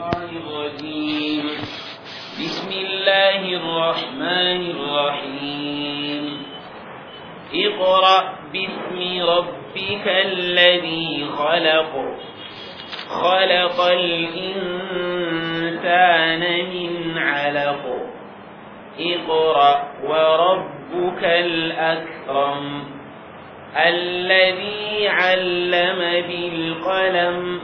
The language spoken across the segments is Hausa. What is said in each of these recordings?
الشيطان الرجيم بسم الله الرحمن الرحيم اقرأ باسم ربك الذي خلق خلق الإنسان من علق اقرأ وربك الأكرم الذي علم بالقلم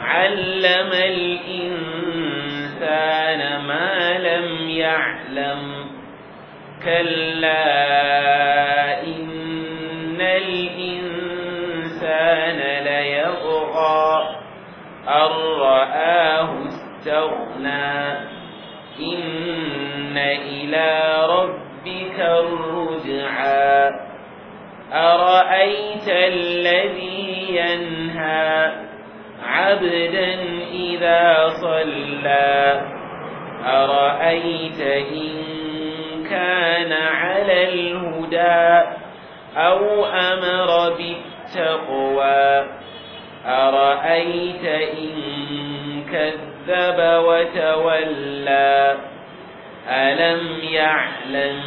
علم الإنسان ما لم يعلم كلا إن الإنسان ليطغى أن رآه استغنى إن إلى ربك الرجعى أرأيت الذي ينهى عبدا إذا صلى أرأيت إن كان على الهدى أو أمر بالتقوى أرأيت إن كذب وتولى ألم يعلم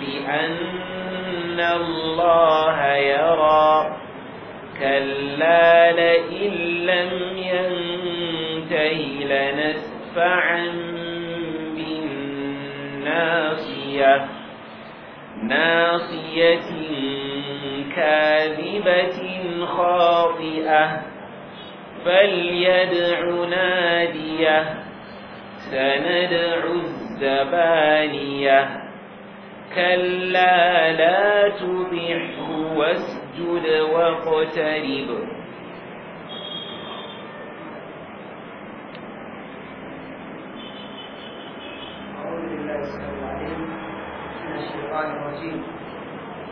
بأن الله يرى كلا لئن لم ينته لنسفعا بالناصية ناصية كاذبة خاطئة فليدع ناديه سندع الزبانيه كلا لا تطعه واسجد واقترب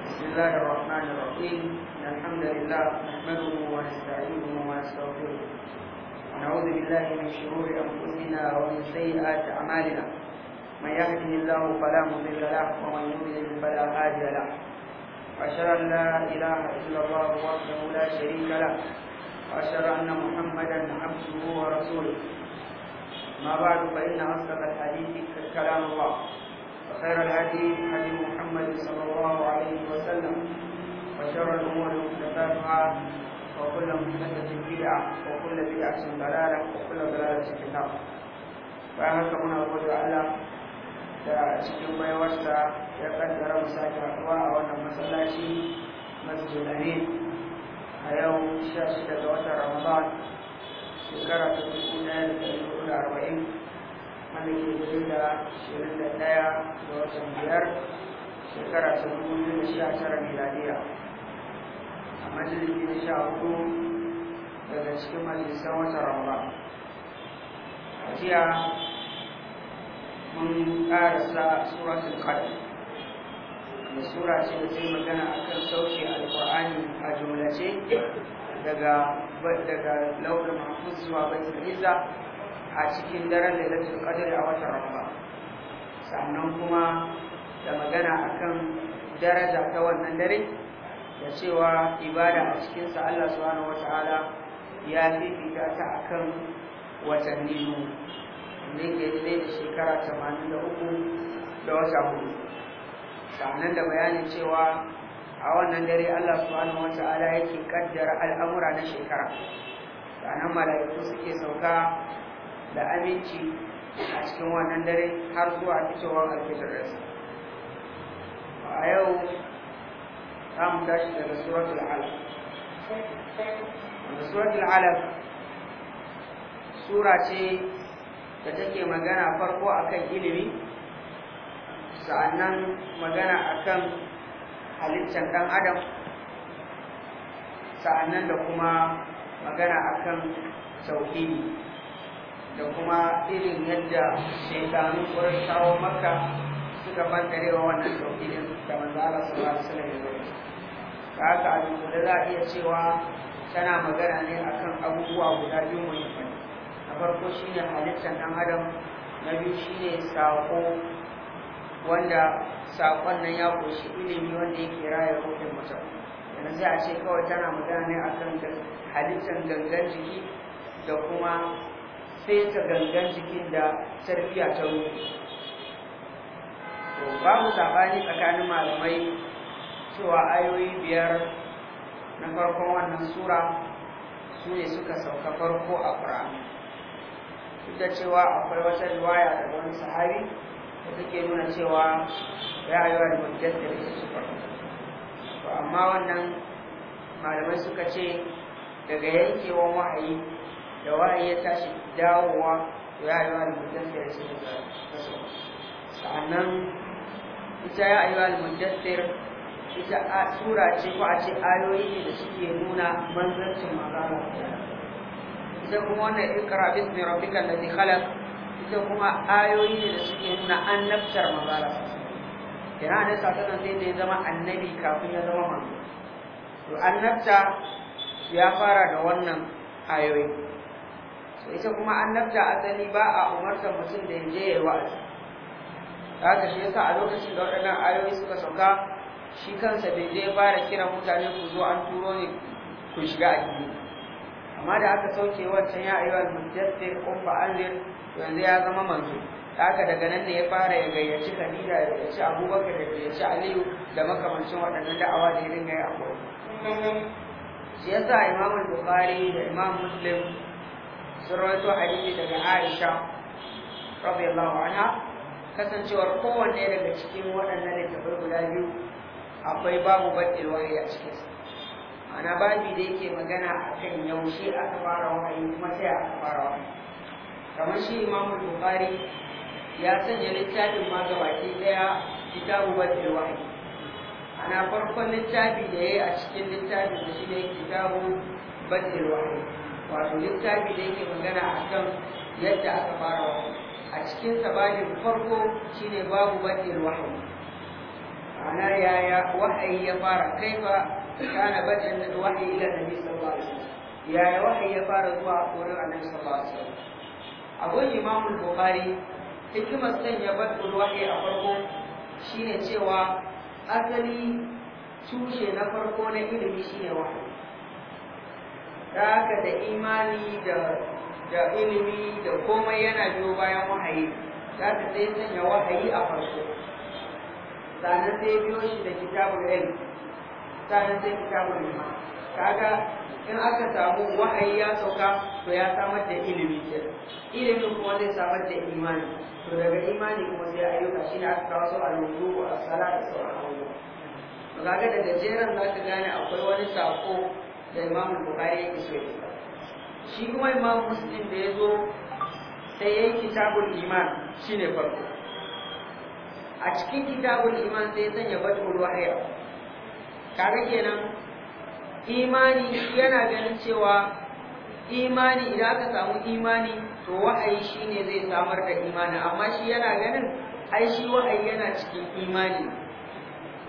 بسم الله الرحمن الرحيم الحمد لله نحمده ونستعينه ونستغفره ونعوذ بالله من شرور انفسنا ومن سيئات اعمالنا من يهده الله فلا مضل له ومن يضلل فلا هادي له واشهد ان لا اله الا الله وحده لا شريك له واشهد ان محمدا عبده ورسوله ما بعد فان اصدق الحديث كلام الله وخير الهدي حديث محمد صلى الله عليه وسلم وشر الامور محدثاتها وكل محدثه بدعه وكل بدعه ضلاله وكل ضلاله في النار الله جل وعلا da cikin baiwarsa ya kaddara musa sake a wannan masallaci masjidani a yau sha shida ga watan ramadan shekara ta dubu ɗaya da ɗari hudu da arba'in wanda ke biyu da ashirin da daya ga watan biyar shekara ta dubu biyu da sha tara miladiya a majalisi na sha hudu daga cikin majalisan watan ramadan a jiya mun karasa suratul qadr da sura ce da ta magana akan sauke alqur'ani a jumlace daga daga launin mahfuz zuwa baitul izza a cikin daren lailatul qadr a watan ramadan sannan kuma da magana akan daraja ta wannan dare da cewa ibada a cikinsa Allah subhanahu wataala ya fifita ta akan watanni ne ke daidai da shekara tamanin da uku da wata hudu sannan da bayanin cewa a wannan dare Allah subhanahu wata'ala yake kaddara al'amura na shekara sannan mala'iku suke sauka da aminci a cikin wannan dare har zuwa fitowar su a yau za mu tashi daga suratul alaq suratul alaq sura ce da take magana farko akan ilimi sa'annan magana akan halittar ɗan adam sa'annan da kuma magana akan tauhidi da kuma irin yadda shaitanu shawo maka suka bantarewa wannan tauhidin da ba su lafi wasallam ta haka a da za a iya cewa tana magana ne akan abubuwa guda biyu mai farko shine halittar ɗan adam na biyu shine saƙo wanda saƙon nan ya ƙunshi ilimi wanda yake raya ruhin mutum yanzu a ce kawai tana magana ne akan halittar gangan jiki da kuma ta gangan jikin da tarbiya ta ruhi babu saɓani tsakanin malamai cewa ayoyi biyar na farkon wannan sura su ne suka sauka farko a ƙur'ani duk da cewa akwai wata riwaya da wani sahabi da take nuna cewa ya yi wani da ita su to amma wannan malamai suka ce daga yankewan wahayi da wahayi ya tashi dawowa ya yi wani da ita su sa'annan ita ya yi wani mujjaddar ita a tura ce ko a ce ayoyi ne da suke nuna manzancin magana sai kuma wannan ikra bismi rabbikal ladhi khalaq ita kuma ayoyi ne da suke nuna annabtar manzala kira ne sakamakon sai ne ya zama annabi kafin ya zama manzo to annabta ya fara da wannan ayoyi to ita kuma annabta asali ba a umarta mutum da ya ya wa'azi haka shi yasa a lokacin da waɗannan ayoyi suka sauka shi kansa bai je fara kiran mutane ku zo an turo ne ku shiga addini amma da aka sauke wancan ya ayyuhal mudaththir qum fa'anzir yanzu ya zama manzo haka daga nan ne ya fara ya gayyaci Khadija ya gayyaci Abubakar ya gayyaci Aliyu da makamancin waɗannan da'awa da ya dinga yi a gurin shi yasa Imam Bukhari da Imam Muslim sun rawaito hadisi daga Aisha radiyallahu anha kasancewar kowanne daga cikin waɗannan littattafai guda biyu akwai babu bakin wahayi a cikinsa ana babi da yake magana a kan yaushe aka fara wahayi kuma sai aka fara wahayi kamar shi imamu bukari ya sanya littafin ma gabaki daya kitabu badil wahayi ana farkon littafi da ya yi a cikin littafin da shi ne kitabu badil wahayi wato littafi da yake magana a kan yadda aka fara wahayi a cikin sababin farko shine babu badil wahayi ana yaya wahayi ya fara kai ba? kana badan alwahyi ila nabi sallallahu alaihi wasallam yaya wahayi ya fara zuwa wurin a sallallahu alaihi wasallam abun imam bukhari hikimar sanya badul wahyi a farko shine cewa asali tushe na farko na ilimi shine wahayi da haka imani da ilimi da komai yana biyo bayan wahayi za ta sai sanya wahayi a farko sannan sai biyo shi da kitabul ilm sa'an sai kitabul iman kaga in aka samu wahayi ya sauka to ya samar da ilimi ke ilimin kuma zai samar da imani to daga imani kuma sai ayyuka shi ne aka kawo su a lungu a sala da sauran abubuwa kaga da gajeren za ka gane akwai wani sako da imamu bukari yake so ya shi kuma imamu muslim da ya zo sai ya yi kitabun iman shine farko a cikin kitabun iman sai ya sanya batul wahaya kare kenan imani yana ganin cewa imani idan aka samu imani to wahayi shine zai samar da imani amma shi yana ganin ai shi wahayi yana cikin imani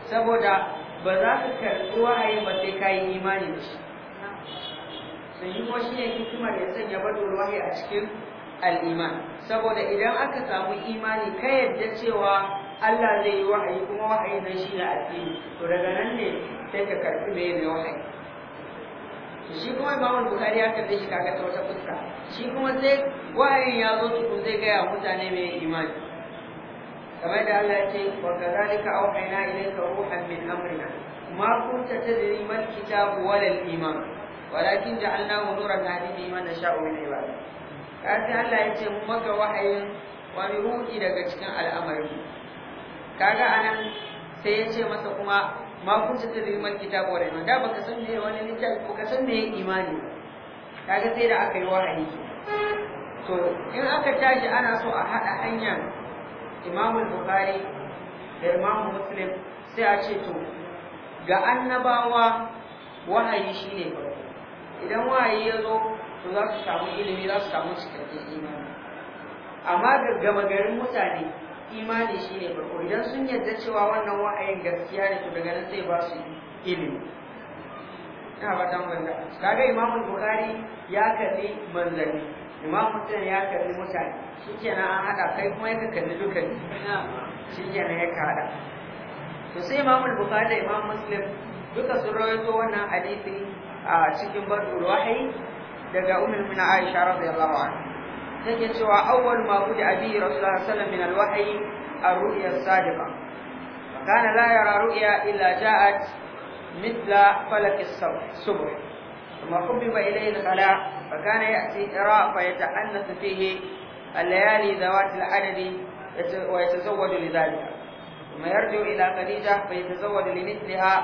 saboda ba za ka karɓi wahayi ba sai ka yi imani da shi sun yi shi ne hikimar ya sanya bada wahayi a cikin al'iman saboda idan aka samu imani ka yadda cewa Allah zai yi wahayi kuma wahayi zai shi ne addini to daga nan ne sai ka karɓi mai mai wahayi to shi kuma Imam Bukhari ya kalle shi kaga ta wata fuska shi kuma sai wahayin ya zo tuku zai gaya mutane mai imani kamar da Allah ya ce wa kadhalika awhayna ilayka ruhan min amrina ma kunta tadri mal kitabu wal iman walakin ja'alnahu nuran hadi bi nasha'u min ibadina kaji Allah ya ce maka wahayin wani ruhi daga cikin al'amari kaga anan sai ya ce masa kuma ma kunta liman kitabu wa iman da baka san me wani littafi ko ka san me imani kaga sai da aka yi wahayi to in aka tashi ana so a hada hanyar Imam Bukhari da Imam Muslim sai a ce to ga annabawa wahayi shine ba. idan wahayi ya zo to za su samu ilimi za su samu cikakken imani amma ga gama garin mutane imani ne farko idan sun yarda cewa wannan wa'ayin gaskiya ne to daga nan sai ba su ilimi ina ba dan wanda kaga imamu bukari ya kalli manzanni imamu muslim ya kalli mutane shi na an hada kai kuma ya kalli dukan shikenan ya kada to sai imamu Bukari da imamu muslim duka sun rawaito wannan hadisi a cikin badul wahyi daga ummul mina Aisha radiyallahu anha سوى cewa awwal ma به abi الله sallallahu min alwahyi وسلم من الوحي sadiqa kana la yara ru'ya illa ja'at mithla مثل فلك subh ثم قبب إليه الخلاء فكان يأتي إراء فيتأنث فيه الليالي ذوات العدد ويتزوج لذلك ثم يرجع إلى خديجة فيتزوج لمثلها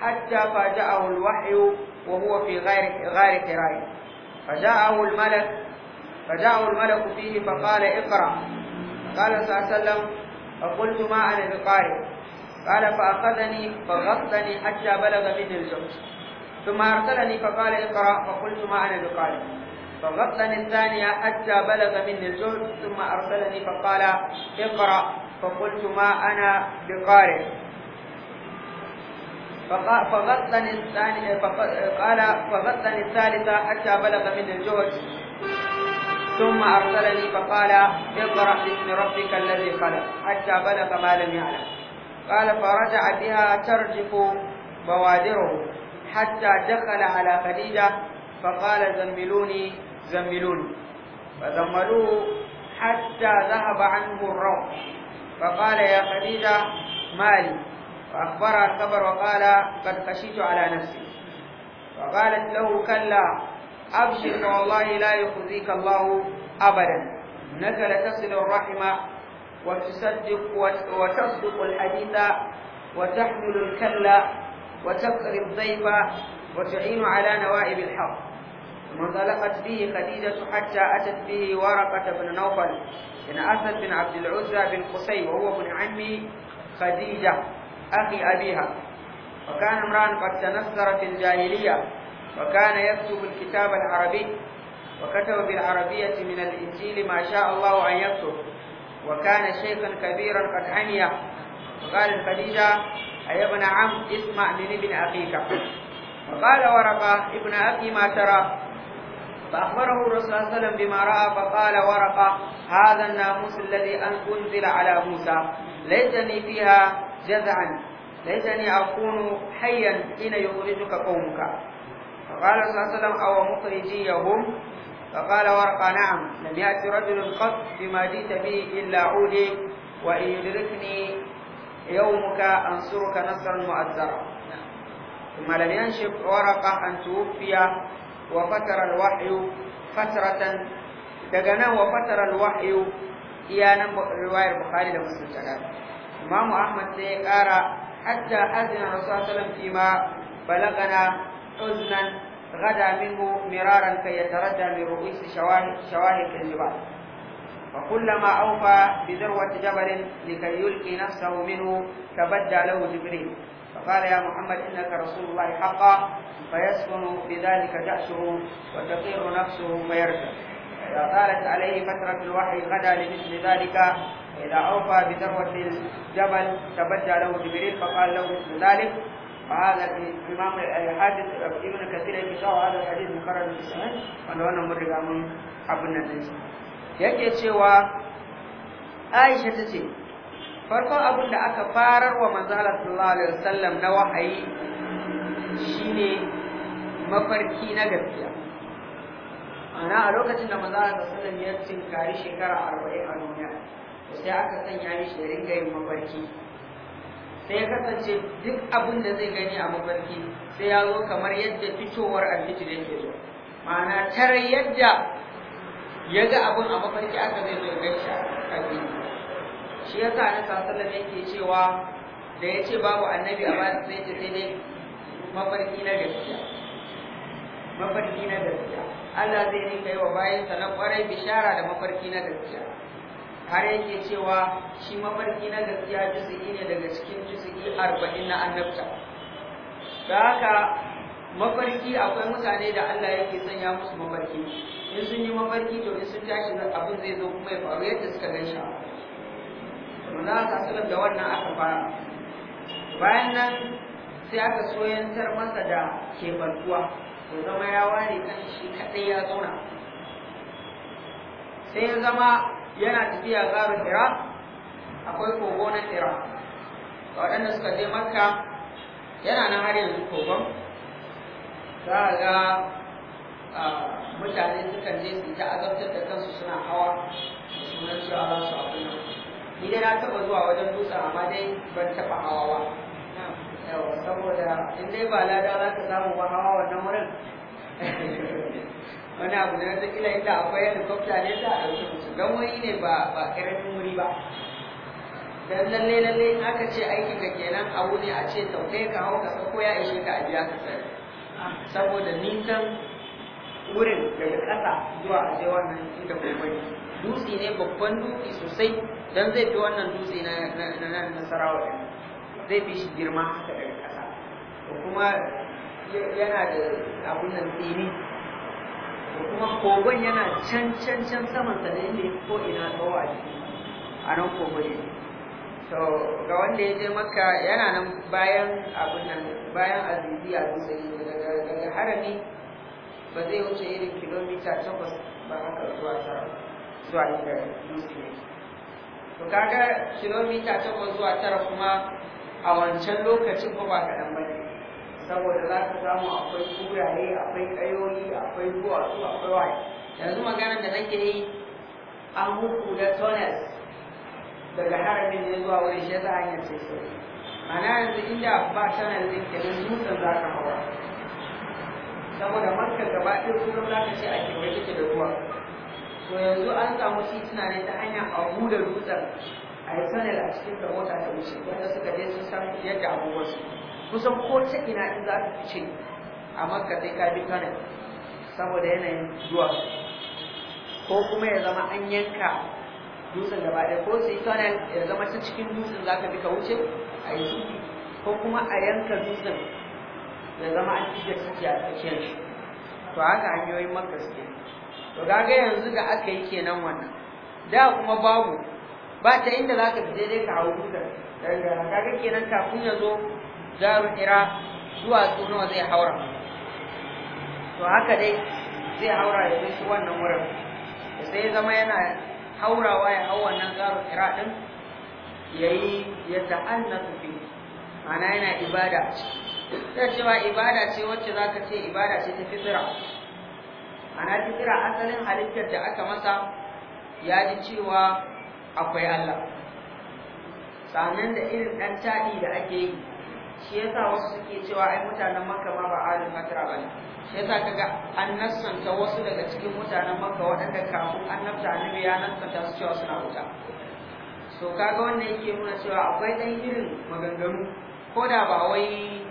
حتى فاجأه الوحي وهو في غير غير قراءة فجاءه الملك فجاءه الملك فيه فقال اقرأ قال صلى الله عليه وسلم فقلت ما أنا بقارئ قال فأخذني فغطني حتى بلغ مني الجمس ثم أرسلني فقال اقرأ فقلت ما أنا بقارئ فغطني الثانية حتى بلغ مني الجهد ثم أرسلني فقال اقرأ فقلت ما أنا بقارئ فغطني الثانية قال فغطني الثالثة حتى بلغ مني الجهد ثم أرسلني فقال اقرأ باسم ربك الذي خلق حتى بلغ ما لم يعلم قال فرجع بها ترجف بوادره حتى دخل على خديجة فقال زملوني زملوني فزملوه حتى ذهب عنه الروح فقال يا خديجة مالي فأخبرها الخبر وقال قد خشيت على نفسي فقالت له كلا أبشر والله لا يخزيك الله أبدا إنك لتصل الرحم وتصدق وتصدق الحديث وتحمل الكلة وتقري الضيف وتعين على نوائب الحق وانطلقت به خديجة حتى أتت به ورقة بن نوفل بن أسد بن عبد العزى بن قصي وهو ابن عم خديجة أخي أبيها وكان امرأ قد تنصر في الجاهلية وكان يكتب الكتاب العربي وكتب بالعربية من الإنجيل ما شاء الله أن يكتب وكان شيخا كبيرا قد عمي وقال الخديجة أي ابن عم اسمع من ابن أخيك فقال ورقة ابن أخي ما ترى فأخبره الرسول صلى الله عليه وسلم بما رأى فقال ورقة هذا الناموس الذي أنزل على موسى ليتني فيها جزعا ليتني أكون حيا حين يخرجك قومك فقال صلى الله عليه وسلم أو مخرجيهم فقال ورقة نعم لم يأتي رجل قط بما جئت به إلا عودي وإن يدركني يومك أنصرك نصرا مؤثرا ثم لم ينشب ورقة أن توفي وفتر الوحي فترة دقنا وفتر الوحي إيانا رواية البخاري لمسلم تقال إمام أحمد سيقارا حتى أذن الرسول صلى الله عليه وسلم فيما بلغنا حزنا غدا منه مرارا كي يتردى من رؤوس شواهق الجبال وكلما أوفى بذروة جبل لكي يلقي نفسه منه تبدى له جبريل فقال يا محمد إنك رسول الله حقا فيسكن بذلك جأشه وتطير نفسه فيرجع إذا طالت عليه فترة الوحي غدا لمثل ذلك إذا أوفى بذروة الجبل تبدى له جبريل فقال له مثل ذلك فهذا الإمام الحادث ابن كثير يكي شاء هذا الحديث مكرر في السنة wanda أنا mun riga أبو abin nan din yake cewa Aisha ta ce farkon abin da aka farar wa manzo Allah sallallahu alaihi na wahayi shine mafarki na gaskiya ana a lokacin da manzo Allah sallallahu alaihi wasallam ya tinkari shekara a duniya sai aka sanya shi ya ringa yin mafarki sai ya kasance duk abin da zai gani a mafarki sai ya zo kamar yadda fitowar alfijir yake zo ma'ana tare yadda ya ga abin a mafarki aka zai zo gan shi a gini shi ya sa na sasalar yake cewa da ya ce babu annabi a ba sai ce sai dai mafarki na gaskiya mafarki na gaskiya Allah zai rinka yi wa bayansa na kwarai bishara da mafarki na gaskiya har yake cewa shi mafarki na gaskiya juzu'i ne daga cikin juzu'i arba'in na annabta da haka mafarki akwai mutane da Allah yake sanya musu mafarki in sun yi mafarki to in sun tashi abin zai zo kuma ya faru yadda suka gan shi Manzon sallallahu da wannan aka fara bayan nan sai aka soyantar masa da kebantuwa to zama ya ware kan shi kaɗai ya zauna sai ya zama yana tafiya garin iraq akwai kogo na iraq waɗanda suka je makka yana na har yanzu kogon za a ga mutane sukan je su ta azabtar da kansu suna hawa da sunan su a su ni dai na taɓa zuwa wajen dutsen amma dai ban taɓa hawa ba saboda in dai ba lada za ka samu ba hawa wannan wurin wani abu da wata kila inda akwai helicopter ne ta a ɗauki mutum don wuri ne ba ba ƙaramin wuri ba dan lalle lalle in aka ce aikin ka kenan abu ne a ce tauke ka hau ka sako ya ishe ka a biya ka sani saboda nisan wurin daga ƙasa zuwa a je wannan inda kuma ne dutse ne babban dutse sosai don zai fi wannan dutse na na nasarawa ɗin zai fi shi girma haka daga ƙasa kuma yana da abun nan tsini kuma kogon yana can can can saman sa ne ko ina tsawo a jiki a nan kogon ne so ga wanda ya je maka yana nan bayan abin nan bayan azizi a dutse daga daga harami ba zai wuce irin kilomita takwas ba haka zuwa tara zuwa inda dutse ne to kaga kilomita takwas zuwa tara kuma a wancan lokacin ko ba kaɗan ba ne saboda za ka samu akwai turaye akwai ƙayoyi akwai duwatsu akwai waye yanzu maganar da nake yi an muku da tonels daga harafin ne zuwa wurin shi a hanyar ce sai mana yanzu inda ba tonel ɗin ke nan dutsen za ka hawa saboda makka gaba ɗin su za ka ce a kewaye take da ruwa to yanzu an samu titina ne ta hanyar a da dutsen a yi tonel a cikin da mota ta wuce wanda suka je su san yadda abubuwan su kusan ko ta ina in za ka fice a makka sai ka bi kano saboda yanayin zuwa ko kuma ya zama an yanka dutsen gaba ɗaya ko sai tunnel ya zama ta cikin dutsen za ka bi ka wuce a yi sufi ko kuma a yanka dutsen ya zama an da ciki a tsakiyar shi to haka hanyoyin makka suke to gaga yanzu da aka yi kenan wannan da kuma babu ba ta inda za ka fi daidai ka hau dutsen daga kaga kenan kafin ya zo darul ira duwatsu nawa zai haura to haka dai zai haura da shi wannan wurin da sai zama yana haurawa ya hau wannan darul ira din yayi ya ta'annatu fi ana yana ibada sai ba ibada ce wacce za ka ce ibada ce ta fitira ana fitira asalin halittar da aka masa ya ji cewa akwai Allah sannan da irin ɗan taɗi da ake yi shi yasa wasu suke cewa ai mutanen makka ma ba alim makka ba ne shi yasa kaga an ta wasu daga cikin mutanen makka wadanda kafin annabta annabi ya ta su cewa suna wuta so kaga wannan yake nuna cewa akwai ɗan irin maganganu ko da ba wai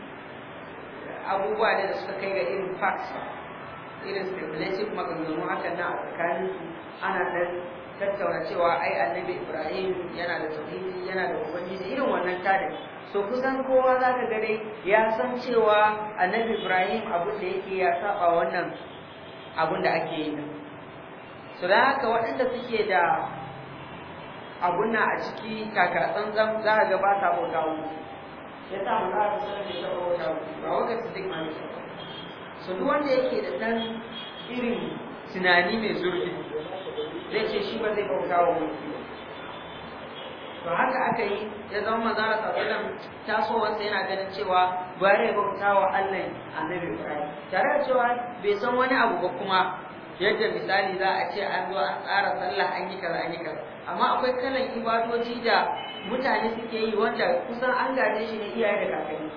abubuwa da suka kai ga irin facts ba irin speculative maganganu haka na a tsakanin ana da tattauna cewa ai annabi ibrahim yana da tauhidi yana da ubangiji irin wannan tarihi to kusan kowa za ka dai ya san cewa annabi ibrahim abin da yake ya saba wannan abin da ake yi su da haka waɗanda suke da abunna a ciki kaka tsantsan za a gaba ta bauta wu ya sa mu za a san da ta bauta ba waka su duk mai su duk wanda yake da ɗan irin tunani mai zurfi zai ce shi ba zai bauta wu to haka aka yi ya zama ta so tasowarsa yana ganin cewa bari ya bauta wa Allah annabi Ibrahim tare da cewa bai san wani abu ba kuma yadda misali za a ce an zo an tsara sallah an yi kaza an yi kaza amma akwai kalan ibadoji da mutane suke yi wanda kusan an gaje shi ne iyaye da kakanni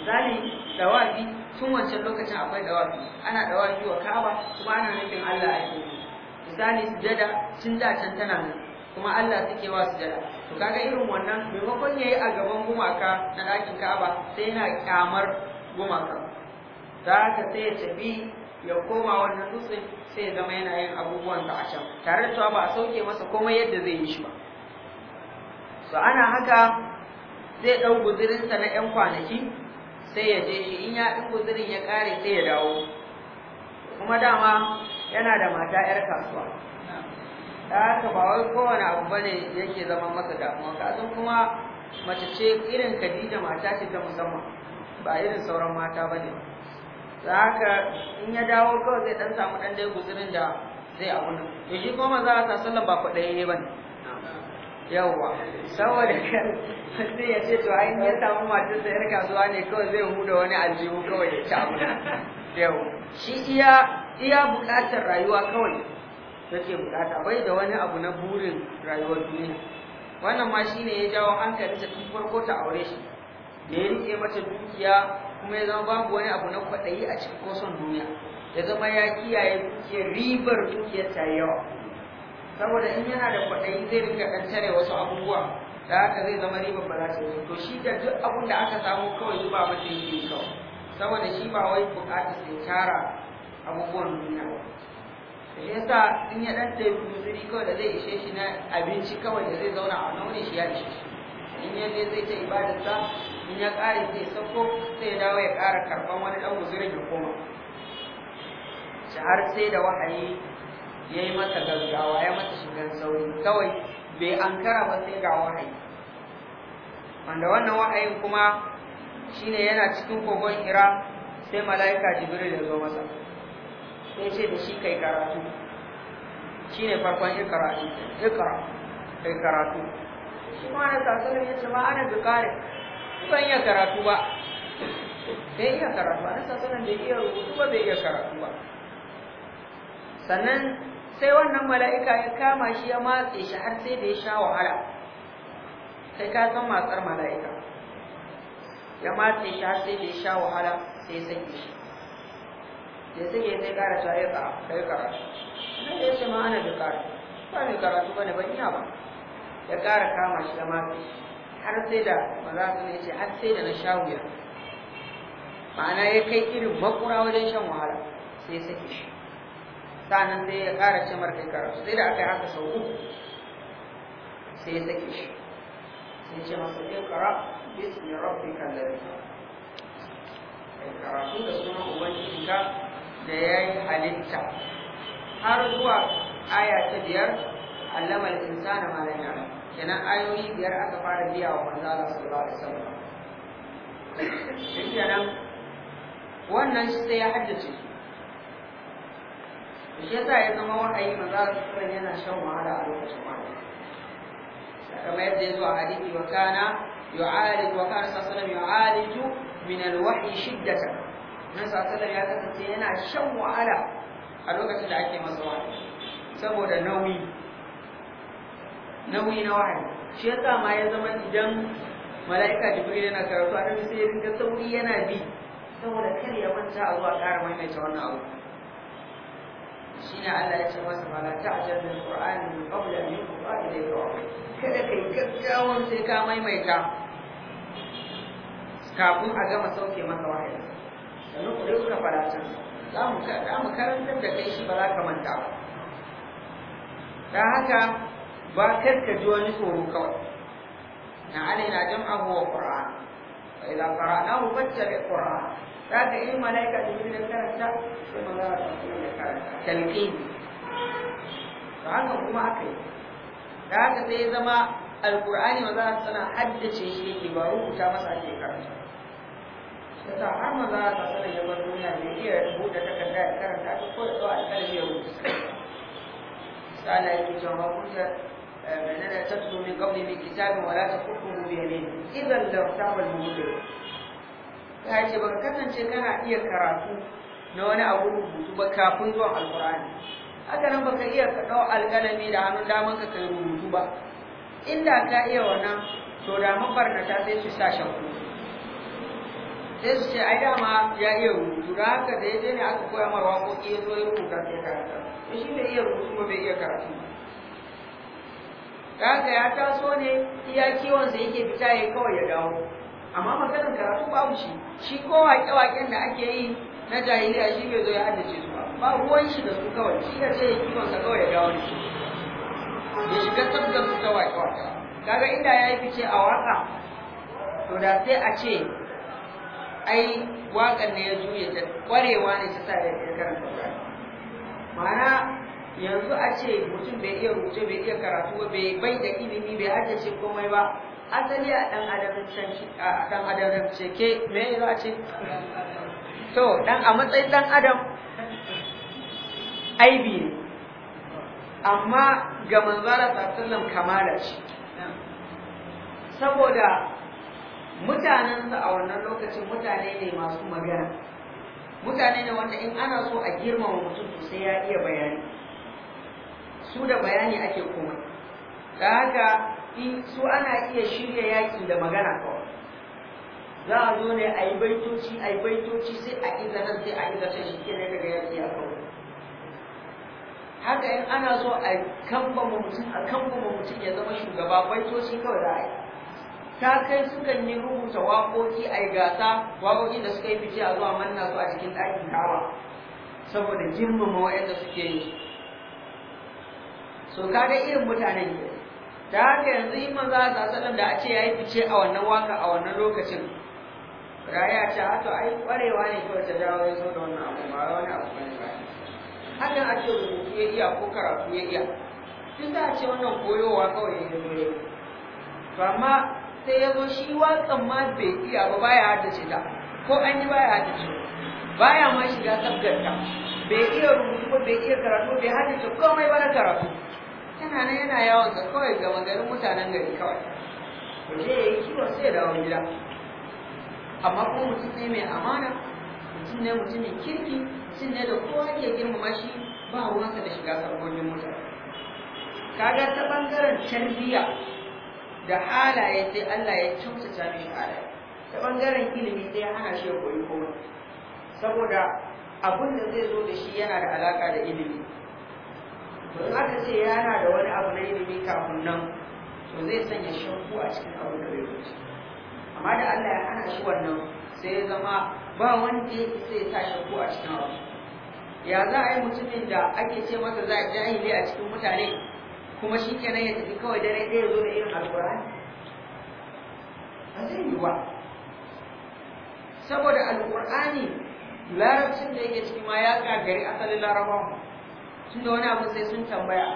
misali dawafi tun wancan lokacin akwai dawafi ana dawafi wa kaba kuma ana nufin Allah a yi misali sujada tun da can tana nan kuma Allah suke wa sujada kaga irin wannan maimakon yayi a gaban gumaka na ɗakin kaba, sai yana kyamar gumaka ta haka sai ya tafi ya koma wannan dutsen sai ya zama yana yin abubuwan da a can tare da cewa a sauke masa komai yadda zai yi shi ba so ana haka zai ɗau guzurinsa na 'yan kwanaki sai ya je shi in ya ɗin guzurin ya ƙare sai ya dawo kuma dama yana da mata 'yar kasuwa ta haka ba wai kowane abu bane yake zama masa damuwa ka san kuma mace ce irin Khadija mata ce ta musamman ba irin sauran mata bane da haka in ya dawo kawai zai dan samu dan dai guzurin da zai abu nan to shi kuma manzo ta sallan ba dai bane yawwa saboda kan sai ya ce to ai in ya samu matar sa yar kasuwa ne kawai zai huda wani aljihu kawai ya ci abu yau shi iya iya buƙatar rayuwa kawai take bukata bai da wani abu na burin rayuwar duniya wannan ma shine ya jawo hankali ta tun farko ta aure shi da ya rike mata dukiya kuma ya zama babu wani abu na kwaɗayi a cikin koson duniya ya zama ya kiyaye dukiyar ribar dukiyar ta yawa saboda in yana da kwaɗayi zai rinka ɗan tare wasu abubuwa da haka zai zama ribar ba za ta yi to shi da duk abun da aka samu kawai zuba mata yi kawai saboda shi ba wai bukatar sai tara abubuwan duniya ba ya eh, yasa in ya dan tafi musuri kawai da zai ishe shi na abinci kawai da zai zauna a wani shi ya ishe shi in ya ne zai ta ibadarsa in ya kare sai sauko sai ya dawo ya kara karban wani ɗan guzurin ya koma shi har sai da wahayi ya yi mata gaggawa ya mata shigan sauri kawai bai an kara ba sai ga wahayi wanda wannan wahayin kuma shine yana cikin kogon kira sai mala'ika jibril ya zo masa sai ce da shi kai karatu shi ne farkon ikra ikra kai karatu shi ma na sasalin ya ce ma ana bi kare ban iya karatu ba bai iya karatu ba na sasalin bai iya rubutu ba bai iya karatu ba sannan sai wannan mala'ika ya kama shi ya matse shi har sai da ya sha wahala sai ka san matsar mala'ika ya matse shi har sai da ya sha wahala sai ya sanya shi da suke sai kara cewa ya kara kai karatu nan da ya ce ma ana da karatu ba mai karatu ba ne ban iya ba ya kara kama shi da mafi har sai da maza su ne ce har sai da na sha wuya ma'ana ya kai irin makura wajen shan wahala sai sake shi Sannan sai ya kara ce mar kai karatu sai da aka yi haka sau uku sai ya sake shi sai ce masa ya kara bismi rabbika ladhi karatu da sunan ubangijinka da ya yi halitta har zuwa aya ta biyar allama insana ma lam kenan ayoyi biyar aka fara biya wa manzo Allah sallallahu alaihi wasallam kenan wannan shi sai ya haddace shi yasa ya zama wahayi manzo Allah sallallahu alaihi yana shan wahala a lokacin wahayi kamar yadda ya zo a hadisi wa kana yu'alij wa kana sallallahu alaihi yu'aliju min al-wahyi shiddatan nan sasalar ya kasance yana shan wahala a lokacin da ake masa wani saboda nauyi nauyi na wahala shi yasa ma ya zama idan mala'ika jibril yana karatu a nan sai ya rinka sauri yana bi saboda kar ya manta a zuwa ƙara maimaita wannan abu shine Allah ya ce masa fala ta'jal bil qur'an min qabl an yuqra ilayka wahyi kada kai gaggawan sai ka maimaita kafin a gama sauke maka wahayi sannan ku rika faratun za mu karantar da kai shi ba za ka manta ba Da haka ba karka ji wani tsoro kawai na alaina jam'ahu wa qur'an fa idza qara'nahu fattabi qur'an za ka yi malaika da da karanta sai mu za ka karanta talqin to haka kuma aka yi da haka sai zama alqur'ani maza suna haddace shi ne ba rubuta masa ake karanta yasa har maza ta sanar ya bar duniya bai iya rubuta takarda ya karanta ta ko da tsawo alƙalmi ya rubuta sala yake cewa hukunta eh, menene da tattu min qabli min kitabin wala taqutu bi yamin idan da tabal mubin ta ce baka kasance kana iya karatu na wani abu rubutu ba kafin zuwan alƙur'ani haka nan baka iya ka ɗau alƙalami da hannun daman ka kai rubutu ba inda ka iya wannan to da mabarnata sai su sa shakku sai su ce ai dama ya iya rubutu da haka da ya je ne aka koya mara waƙoƙi ya zo ya rubuta sai karanta to shi bai iya rubutu ba bai iya karatu da haka ya taso ne iya kiwonsa yake fita ya kawai ya dawo amma maganar karatu babu shi shi ko waƙe-waƙen da ake yi na jahiliya shi bai zo ya haddace su ba ba ruwan shi da su kawai shi ya ce ya kiwonsa kawai ya dawo da ya shiga tabbata ta waƙe-waƙe kaga inda ya yi fice a waƙa to da sai a ce ai wakan ne ya juya ta kwarewa ne ta sa ya karanta ba mana yanzu a ce mutum bai iya rubuce bai iya karatu ba bai bai da ilimi bai ce komai ba asali a ɗan adam ce ke me za a ce to dan a matsayin dan adam aibi ne amma ga manzara sallallahu alaihi kamala ce saboda mutanensa a wannan lokacin mutane ne masu magana mutane ne wanda in ana so a girmama mutum to sai ya iya bayani su da bayani ake kuma da haka in su ana iya shirya yaƙi da magana kawai za a zo ne a yi baitoci a yi baitoci sai a nan sai a izanar shi ke daga yaƙi a kawai haka in ana so a kambama mutum a kambama mutum ya zama shugaba baitoci kawai za a yi ta kai sukan yi rubuta waƙoƙi a yi gasa waƙoƙi da suka yi fice a zuwa manna su a cikin ɗakin kawa saboda girmama waɗanda suke yi so ka ga irin mutanen ke ta haka yanzu yi maza a sallam da a ce ya yi fice a wannan waka a wannan lokacin raya ce a ah, to ai ƙwarewa ne kawai ta jawo ya sau da wannan abu ba wani abu ba ne ba hakan a ce rubutu ya iya ko karatu ya iya tun da a ce wannan koyowa kawai ya yi ne to amma sai ya zo shi waƙan ma bai iya ba baya haddace cita ko an yi baya haddace baya ma shiga sabgarta bai iya rubutu ko bai iya karatu bai haddace komai ba na karatu yana nan yana yawon sa kawai ga magarin mutanen gari kawai to je ya yi kiwon sai ya dawo gida amma ko mutum ne mai amana mutum ne mutumin kirki mutum ne da kowa ke girmama shi ba ruwansa da shiga sarkokin mutane kaga ta bangaren tarbiyya da halaye sai Allah ya ta mai halaye ta bangaren ilimi sai ya hana shi ya koyi komai saboda abin da zai zo da shi yana da alaka da ilimi to in aka ce yana da wani abu na ilimi kafin nan to zai sanya shanku a cikin abin da bai wuce amma da Allah ya hana shi wannan sai ya zama ba wanda ya sai sa shanku a cikin abu ya za a yi mutumin da ake ce masa za a jahili a cikin mutane kuma shi kenan ya tafi kawai dare ɗaya zo da irin alƙur'ani ba zai yi ba saboda alƙur'ani larabcin da yake ciki ma ya gagari asalin larabawa da wani abu sai sun tambaya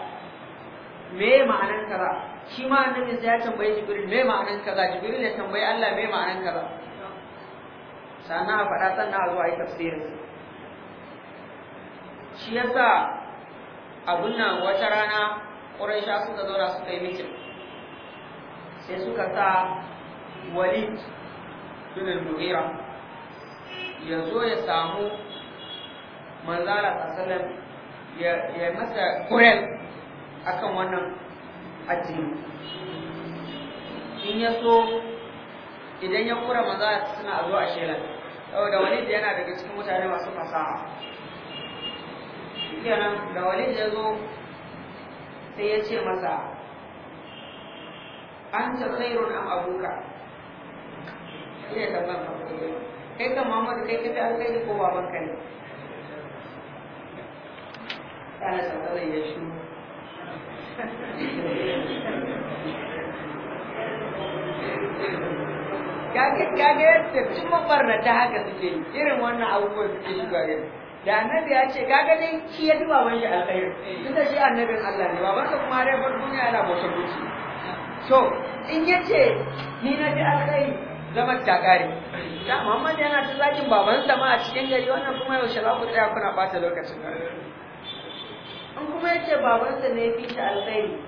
me ma'anan kaza shi ma annabi ya tambayi jibril me ma'anan kaza jibril ya tambayi Allah me ma'anan kaza sannan a faɗa sannan a zo a yi tafsirin shi yasa abun nan wata rana ƙuraisha suka zauna suka yi mitin sai suka sa walid bin mughira ya zo ya samu manzala a ya ya masa kurel akan wannan addini in ya so idan ya kura manzala suna zo a shelan saboda walid yana daga cikin mutane masu fasaha kenan da walid ya zo sai ya ce masa an ta khairun am abuka ne da ban kai kan Muhammad kai ka ta alkai ko baban ka ne kana sanar ya shi kage kage ta cimma na ta haka suke irin wannan abubuwan suke shiga yadda. da annabi ya ce kaga dai shi ya duba wani alkhairi tun da shi annabin Allah ne ba barka kuma dai bar duniya ana bauta guci so in yace ni na ji alkhairi zaman ta da Muhammad yana ta zakin sa ma a cikin gari wannan kuma yaushe za ku tsaya kuna bata lokacin in kuma yace sa ne ya fi shi alkhairi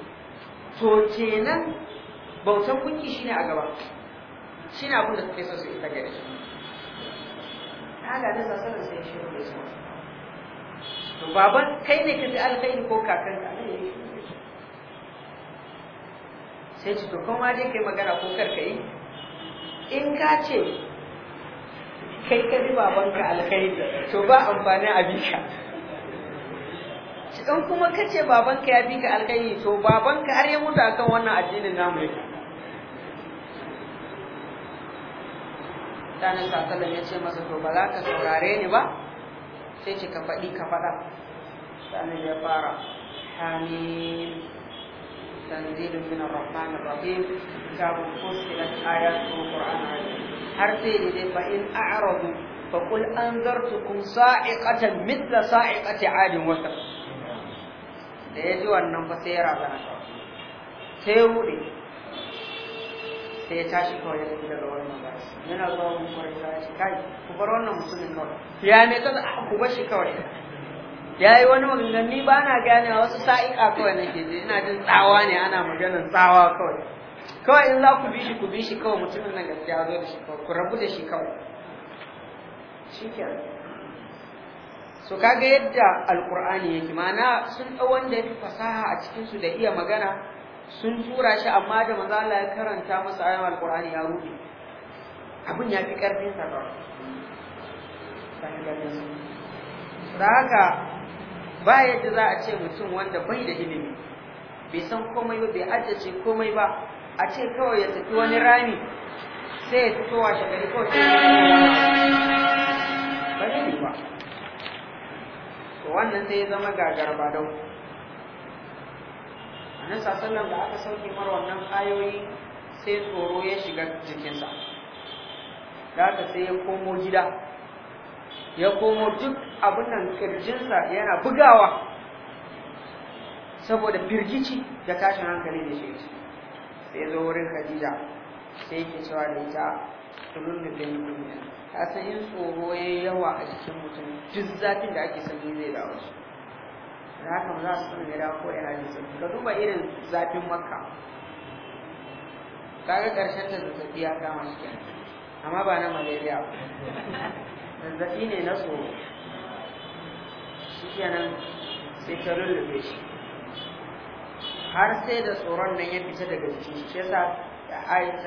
to kenan bautan kunki shine a gaba shine abin da suke so sai ka gare shi Allah ne sa sanin sai shi ne to baban kai ne ka ji alkhairi ko kakan ka sai ce to kuma dai kai magana ko kar kai yi in ka ce kai ka ji babanka alkhairi to ba amfani a bi ka in kuma ka ce babanka ya bi ka alkhairi to babanka har ya mutu akan wannan addinin namu yake ka kasalan ya ce masa to ba za ka saurare ni ba sai ce ka faɗi ka faɗa sannan ya fara hamim تنزيل من الرحمن الرحيم كتاب فصلت آياته القرآن har sai ne dai fa in a'radu fa qul anzartukum sa'iqatan mithla sa'iqati 'adin wa da yaji wannan fa sai ya razana sai rude sai ya tashi kawai ya tafi daga wannan magarsa yana zuwa wani kawai ya ce kai ku bar wannan mutumin kawai ya me kaza a ah, ku bar shi kawai ya yi wani maganganu ba na a wasu sa'iƙa kawai nake ji ina jin tsawa ne ana maganar tsawa kawai kawai in za ku bi shi ku bi shi kawai mutumin nan gaskiya zo da shi kawai ku rabu da shi kawai shi kenan so kaga yadda alkur'ani yake ma'ana sun ɗau wanda ya fi fasaha a cikinsu da iya magana sun tura shi amma da manzo Allah ya karanta masa ayan alqur'ani ya rufe abin ya fi karfin sa ba da haka ba yadda za a ce mutum wanda bai da ilimi bai san komai ba bai addace komai ba a ce kawai ya tafi wani rami sai ya fito washe gari kawai ba ne ba wannan sai ya zama gagarba don annan sasallan da aka sauke mar wannan ayoyi sai tsoro ya shiga jikinsa da aka sai ya komo gida ya komo duk abin nan kirjinsa yana bugawa saboda firgici da tashin hankali da shi sai zo wurin khadija sai yake cewa da ita tulun nufin duniya ta san in tsoro ya yawa a jikin mutum duk zafin da ake sani zai dawo shi da za su sanar da ko yana da sauki ka duba irin zafin makka kaga karshen ta zazzabi ya kama shi kenan amma ba na malaria ba zazzabi ne na tsoro shi kenan sai ta lullube shi har sai da tsoron nan ya fita daga jikin shi yasa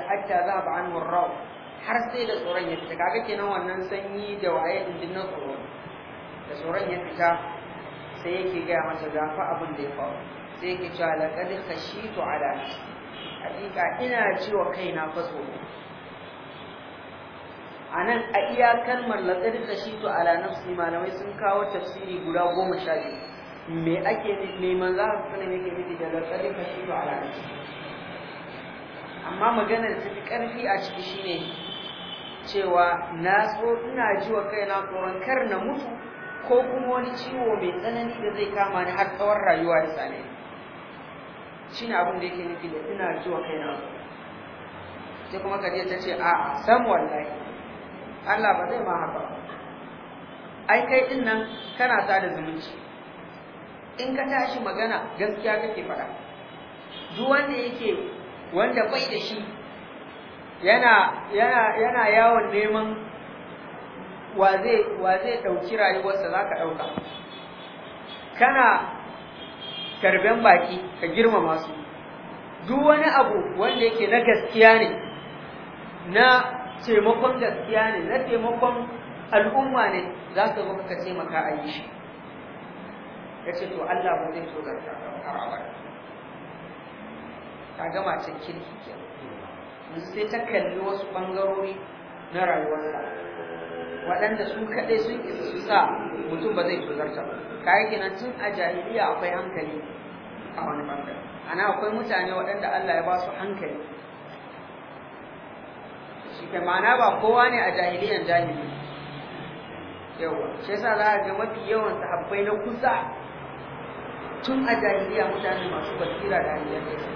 hatta za ba an murrau har sai da tsoron ya fita kaga kenan wannan sanyi da waye din na tsoro da tsoron ya fita sai yake gaya mata ga abin da ya faru sai yake cewa kashi to ala nafsi hakika ina wa kaina fa tsoro anan a iya kalmar laqad to ala nafsi malamai sun kawo tafsiri guda goma sha biyu me ake me a sunan yake nufi da laqad to ala nafsi amma maganar ta fi karfi a ciki shine cewa na so ina kai kaina tsoron kar na mutu ko kuma wani ciwo mai tsanani da zai kama ni har tsawon rayuwa da same ni shine abin da yake nufi da ina zuwa kaina sai kuma ta ce a san wallahi Allah ba zai ma haka ai kai din nan kana sada zumunci in ka tashi magana gaskiya kake faɗa duk wanda yake wanda bai da shi yana yawon neman wa zai ɗauki rayuwarsa za rayuwarsa zaka dauka kana karben baki ka girmama su duk wani abu wanda yake na gaskiya ne na taimakon gaskiya ne na taimakon al'umma ne za ka zo ka taimaka a yi shi ya ce to Allah ba zai so da har ta gama cikin kirki sai ta kalli wasu bangarori na rayuwarsa waɗanda su kaɗai sun isa su sa mutum ba zai ta. ba kayan kenan tun a jahiliya akwai hankali a wani bangare ana akwai mutane waɗanda Allah ya ba su hankali shi kai ma'ana ba kowa ne a jahiliyan jahili yawa shi yasa za ga mafi yawan sahabbai na kusa tun a jahiliya mutane masu basira da hanyar nesa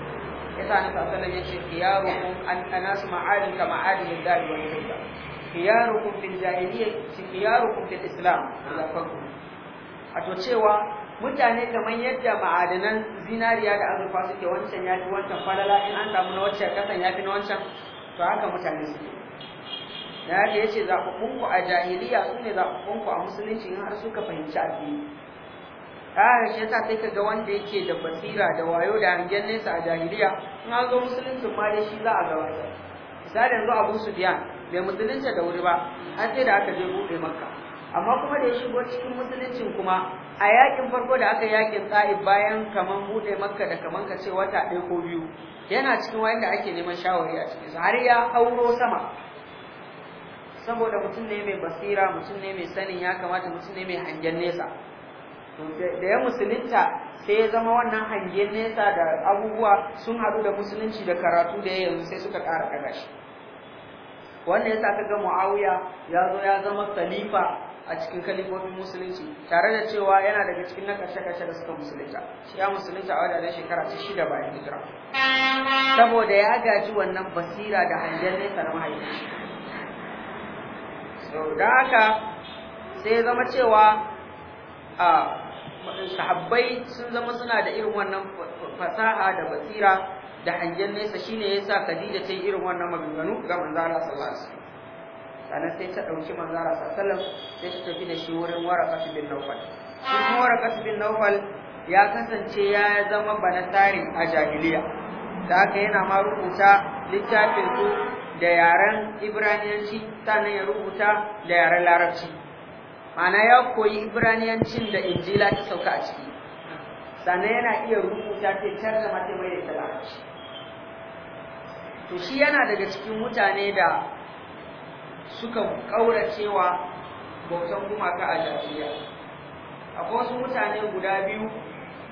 yasa na sallallahu ya ce ya qiyarukum an anasu ma'adin ma'alil da'i wani ghaiba khiyarukum fil jahiliyyah khiyarukum fil islam a to cewa mutane kamar yadda ma'adanan zinariya da azurfa suke wancan yafi wancan falala in an samu na waccan kasan yafi na wancan to haka mutane suke da haka yace zaɓaɓɓunku a jahiliya su ne zaɓaɓɓunku a musulunci in har suka fahimci addini Ƙara shi yasa sai kaga wanda yake da basira da wayo da hangen nesa a jahiliya in an zo musulunci ma dai shi za a gabatar misali yanzu Abu biya. bai musulunci da wuri ba an sai da aka je buɗe makka amma kuma da ya shigo cikin musulunci kuma a yakin farko da aka yakin tsari bayan kaman buɗe makka da kaman ka ce wata ɗaya ko biyu yana cikin wanda ake neman shawari a cikin har ya auro sama saboda mutum ne mai basira mutum ne mai sanin ya kamata mutum ne mai hangen nesa da ya musulunta sai ya zama wannan hangen nesa da abubuwa sun haɗu da musulunci da karatu da ya yanzu sai suka ƙara ƙaga shi wannan yasa kaga Muawiya ya zo ya zama khalifa a cikin kalifofin musulunci tare da cewa yana daga cikin na kashe-kashe da suka musulunta shi ya musulunta a wadannan shekara ta shida bayan hijira saboda ya gaji wannan basira da hangen nesa na mahaifinci so da haka sai ya zama cewa a sahabbai sun zama suna da irin wannan fasaha da basira da hangen nesa shine yasa Khadija ta yi irin wannan maganganu ga manzo Allah sallallahu alaihi wasallam sannan sai ta dauki manzo Allah sallallahu alaihi wasallam sai ta tafi da shi wurin wara bin Nawfal shi kuma Waraqat bin Nawfal ya kasance ya zama tsarin a jahiliya da haka yana ma rubuta littafin su da yaren Ibraniyanci sannan ya rubuta da yaren Larabci ma'ana ya koyi Ibraniyancin da Injila ta sauka a ciki sannan yana iya rubuta ta canza mata mai da Larabci to shi yana daga cikin mutane da suka ƙauracewa bautan gumaka a jahiliya akwai wasu mutane guda biyu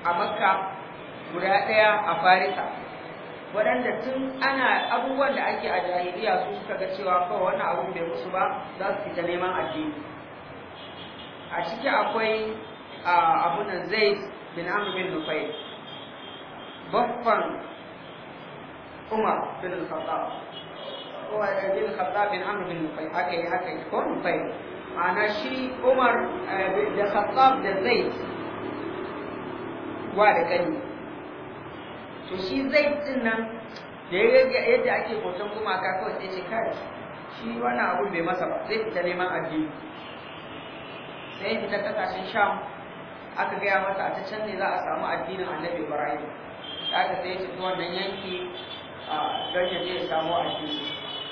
a makka guda ɗaya a farisa waɗanda tun ana abubuwan da ake a jahiliya su suka ga cewa kawai wannan abun bai musu ba za su fita neman addini a ciki akwai abunan zai bin amurin nufai baffan Umar bin Al-Khattab ko bin Khattab bin Amr bin Nufayl aka yi aka yi ko Nufayl Mana shi Umar eh, da Khattab da Zaid wa da kani to shi Zaid din nan da ya yadda ake hoton kuma ka kawai sai shi kai shi wani abu bai masa ba zai fita neman addini sai fita kasashen sham aka gaya masa a ta can ne za a samu addinin annabi ibrahim da aka sai ya ci wannan yanki don ya je ya samo addini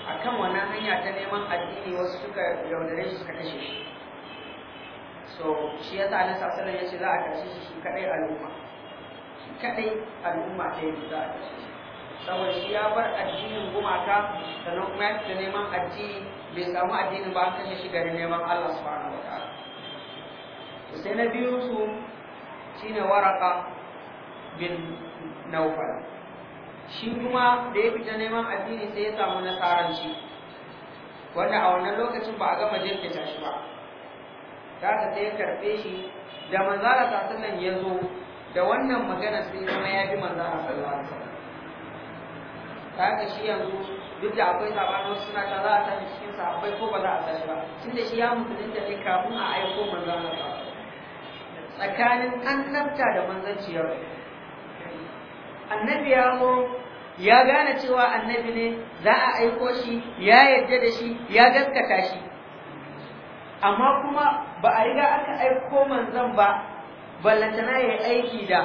a kan wannan hanya ta neman addini wasu suka yaudare shi suka kashe shi so shi ya sa nasa sallallahu ya ce za a kashe shi kadai al'umma shi kadai al'umma ta yi za a kashe shi saboda shi ya bar addinin gumaka sannan kuma ya fita neman addini bai samu addinin ba kashe shi garin neman Allah su fara wata sai na biyu su shine waraka bin naufala. shi kuma da ya fita neman addini sai ya samu nasarar shi? wanda a wannan lokacin ba a gama jirkita shi ba za ka sai ya karfe shi da manzara sassanan ya zo da wannan magana sai zama ya fi manzara sallallahu alaihi wasallam ta shi yanzu duk da akwai sabanin wasu suna ta za a tafi cikin sahabbai ko ba za a tashi ba da shi ya da ne kafin a aiko manzara ba tsakanin annabta da manzanciyar annabi ya zo ya gane cewa annabi ne za a aiko shi ya yarda da shi ya gaskata shi amma kuma ba a yi ga aka aiko manzon ba ballantana ya yi aiki da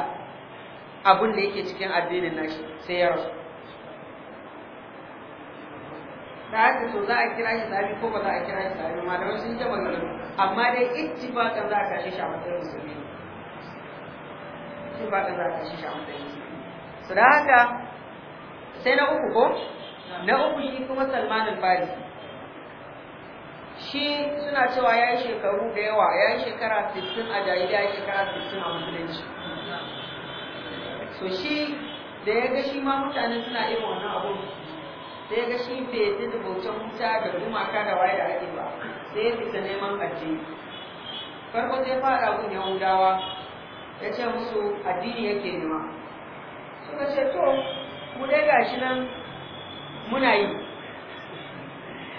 abin da yake cikin addinin nashi sai ya rasu da haka so za a kira shi sahabi ko ba za a kira shi da wasu sun ta magana amma dai ittifaqan za a kashe shi a matsayin musulmi ittifaqan za a kashe shi a matsayin to sai na uku ko na uku shi kuma Salman al-Farisi shi suna cewa ya yi shekaru da yawa ya yi shekara 60 a jahiliya ya yi shekara 60 a musulunci so shi da ya ga shi ma mutane suna irin wannan abun da ya ga shi bai yi da bautan wuta da gumaka da waye da ake ba sai ya fita neman addini farko sai fara gun yahudawa ya ce musu addini yake nema suka ce to mu dai gashi nan muna yi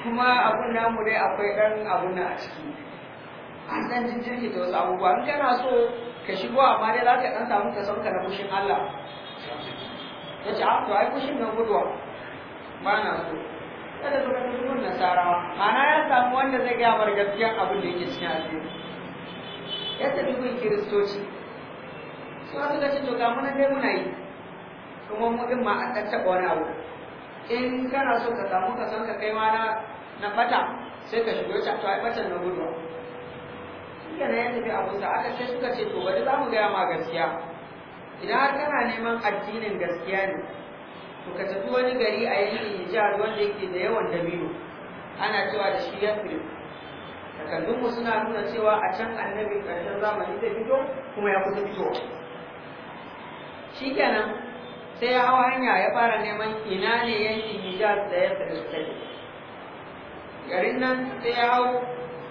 kuma abun namu dai akwai ɗan abun nan a ciki an ɗan jinjirki da wasu abubuwa in kana so ka shigo amma dai za ka ɗan samu ka sauka na fushin Allah ya ce a ah, to ai fushin nan guduwa ba na so kada ka kan mun nasarawa ma'ana ya samu wanda zai gaya bar gaskiya abin da yake cikin alheri ya tafi gun kiristoci su wasu ga to ga muna dai muna yi kuma mutum ma a tattaɓa wani abu in kana so ka samu ka san ka kai ma na fata sai ka shigo ta na gudu shi ne ya tafi abu sa aka sai suka ce to wani za mu gaya ma gaskiya idan har kana neman addinin gaskiya ne to ka tafi wani gari a yankin jihar wanda yake da yawan dabino ana cewa da shi yafiri mu suna nuna cewa a can annabi karshen zamani zai fito kuma ya kusa fitowa shi kenan sai ya hau hanya ya fara neman ina ne yi hijaz da ya tsirce garin nan sai ya hau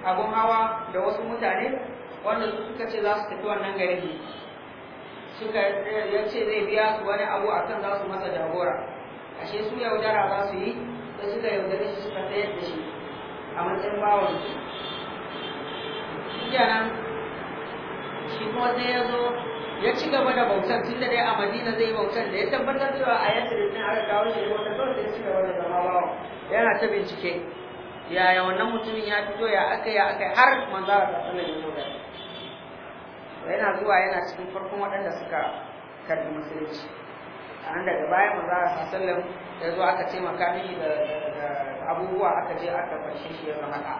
abun hawa da wasu mutane wanda suka ce za su tafi wannan garin suka ya ce zai biya su wani abu akan za su masa jagora ashe su yaudara za su yi da suka yaudare shi suka sayar da shi a matsayin bawon su shi kuma sai ya zo ya ci gaba da bautar tun da dai a madina zai bautar da ya tabbatar cewa a da din aka kawo shi wata kawai sai ci gaba da zama bawa yana ta bincike yaya wannan mutumin ya fito ya aka ya aka har manzo Allah sallallahu da wasallam yana zuwa yana cikin farkon waɗanda suka karbi musulunci a nan daga baya manzo a sallallahu alaihi ya zo aka taimaka makami da abubuwa aka je aka fashe shi ya zama ka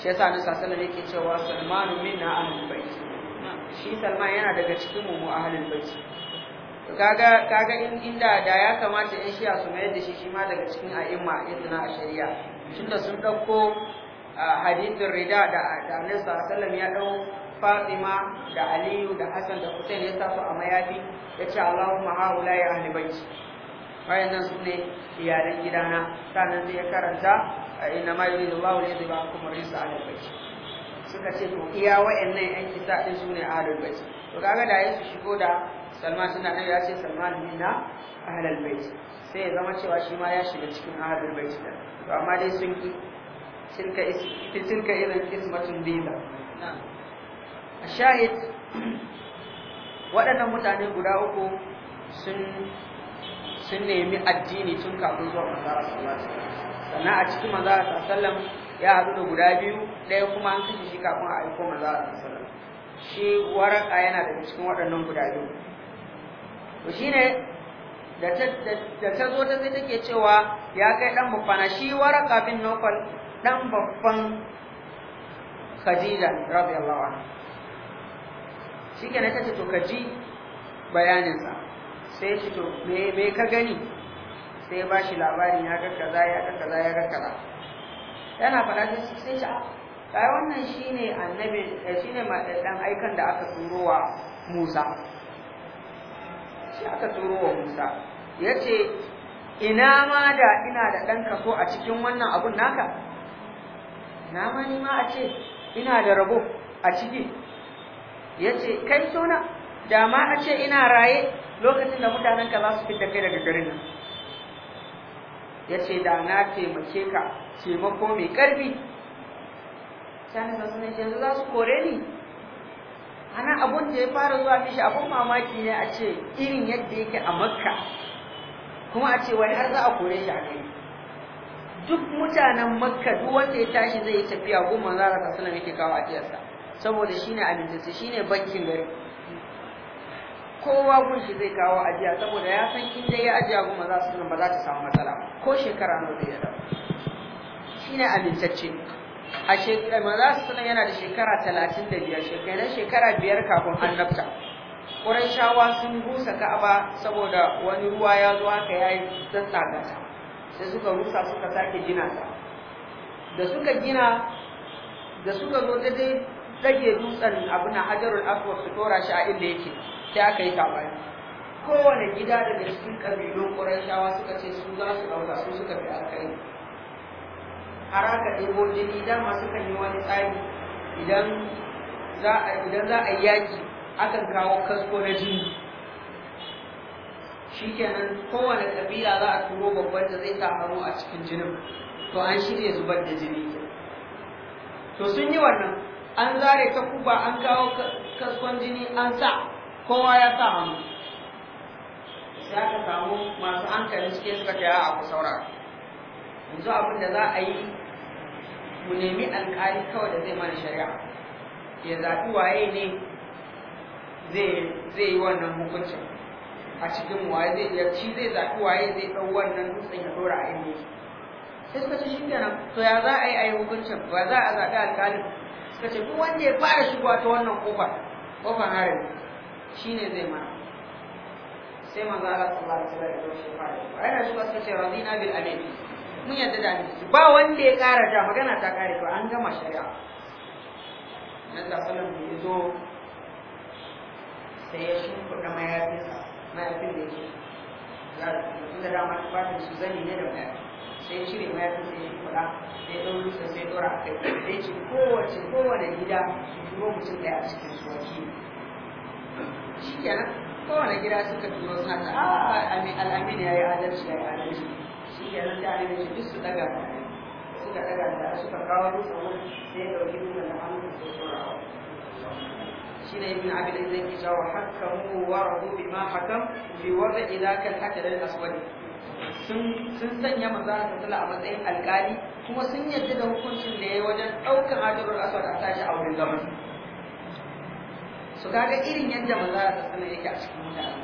shi yasa nan sassan alaihi yake cewa Salmanu minna an bayyi shi Salman yana daga cikin mu ahlul halin kaga kaga in inda da ya kamata in shiya su mayar da shi shi ma daga cikin a'imma izina na shari'a tunda sun dauko hadithin rida da da Annabi sallallahu ya dau Fatima da Aliyu da Hassan da Hussein ya sa su a mayafi yace Allahumma haula ya ahli bayan nan su ne iyalan gidana sannan sai ya karanta inna ma yuridu Allahu li yudhiba ankum ahli bait suka ce to iya wayannan yan kisa din sune ahlul bait to kaga da yake su shigo da Salman suna nan ya ce Salman minna ahlul bait sai ya zama cewa shi ma ya shiga cikin ahlul bait da to amma dai sun ki tilka tilka irin kismatun bila a shahid waɗannan mutane guda uku sun sun nemi addini tun kafin zuwa manzara sallallahu alaihi wasallam sannan a cikin manzara sallallahu alaihi wasallam ya haɗu da guda biyu ɗaya kuma an kashe shi kafin a aiko manzo Allah sallallahu shi waraka yana daga cikin waɗannan guda biyu to shine da ta da ta zo ta sai take cewa ya kai dan babbana shi waraka bin nufal dan babban Khadija radiyallahu anha shi ke ta ce to kaji bayaninsa sai ce to me me ka gani sai ba shi labarin ya ga kaza ya ga kaza ya ga kaza Yana faɗa ta ce sai ah, ta ai wannan shine annabi eh, shine madan eh, aikan da aka turo wa Musa shi aka turo wa Musa yace ina ma da ina da dan kaso a cikin wannan abun naka na ma ni ma a ce ina da rabo a ciki yace kai sona da ma a ce ina raye lokacin da mutanen ka za su fita kai daga garin nan ya ce da na taimake ka taimako mai ƙarfi sani da suna yanzu za su kore ni ana abun da ya fara zuwa mishi abun mamaki ne a ce irin yadda yake a makka kuma a ce wani har za a kore shi a kai duk mutanen makka duk wanda ya tashi zai yi tafiya goma zara da suna yake kawo a ajiyarsa saboda shine abincinsa shine bankin gari kowa shi zai kawo ajiya saboda ya san in dai ya ajiya goma za su nan ba za ta samu matsala ko shekara nawa zai da shine amintacce a shekara maza su nan yana da shekara talatin da biyar shekara shekara biyar kafin annabta shawa sun rusa ka'aba saboda wani ruwa ya zo haka ya yi tsatsaga ta sai suka rusa suka sake gina ta da suka gina da suka zo daidai dage dutsen abu na hajarul aswad su tora shi a inda yake sai aka yi kowane gida daga cikin ƙabilun ƙurashawa suka ce su za su ɗauka su suka fi alkai har aka ɗebo jini dama suka yi wani tsari idan za a yi yaƙi akan kawo kasko na jini shikenan kowane ƙabila za a turo babban da zai sa a cikin jinin to an shirya zubar da jini to sun yi wannan an zare ta kuba an kawo kaskon jini an sa kowa ya sa hannu sai aka samu masu hankali suke suka ce a ku saura, yanzu abin da za a yi mu nemi alkali kawai da zai mana shari'a ya zaɓi waye ne zai yi wannan hukuncin a cikin waye zai iya ci zai zaɓi waye zai ɗau wannan dutsen ya ɗora a yi sai suka ce shi kenan to ya za a yi a yi hukuncin ba za a zaɓi alƙalin suka ce duk wanda ya fara shigowa ta wannan ƙofar ƙofar harin shi ne zai mana sai manzo Allah sallallahu alaihi wasallam ya shi fara ai shi wasu ce radina bil amin mun yadda da ni ba wanda ya ƙara da magana ta kare to an gama shari'a nan da sallan da zo sai ya shimfiɗa mayafinsa mayafin da yake zai da dama tufafin su zani ne da mayafi sai cire mayafin sai shimfiɗa sai ɗauri sai sai ɗora a kai sai ce kowace kowane gida ki turo mutum ɗaya a cikin su wakili shi kenan kowane gida suka turo suna ta al'amin ya yi adalci ya yi adalci shi kenan ta ne shi duk su daga suka daga da suka kawo dutsen wani sai ya ɗauki dutsen da hannun su turawa shi ne ibn abin da zai cewa hakamu wa rahu bima hakam fi wada idaka hakadal aswadi sun sanya manzon sallallahu a matsayin alƙali kuma sun yarda da hukuncin da ya yi wajen ɗaukar hajjarul aswad a tashi a wurin zaman su gaga irin yadda maza da sassana yake a cikin mutane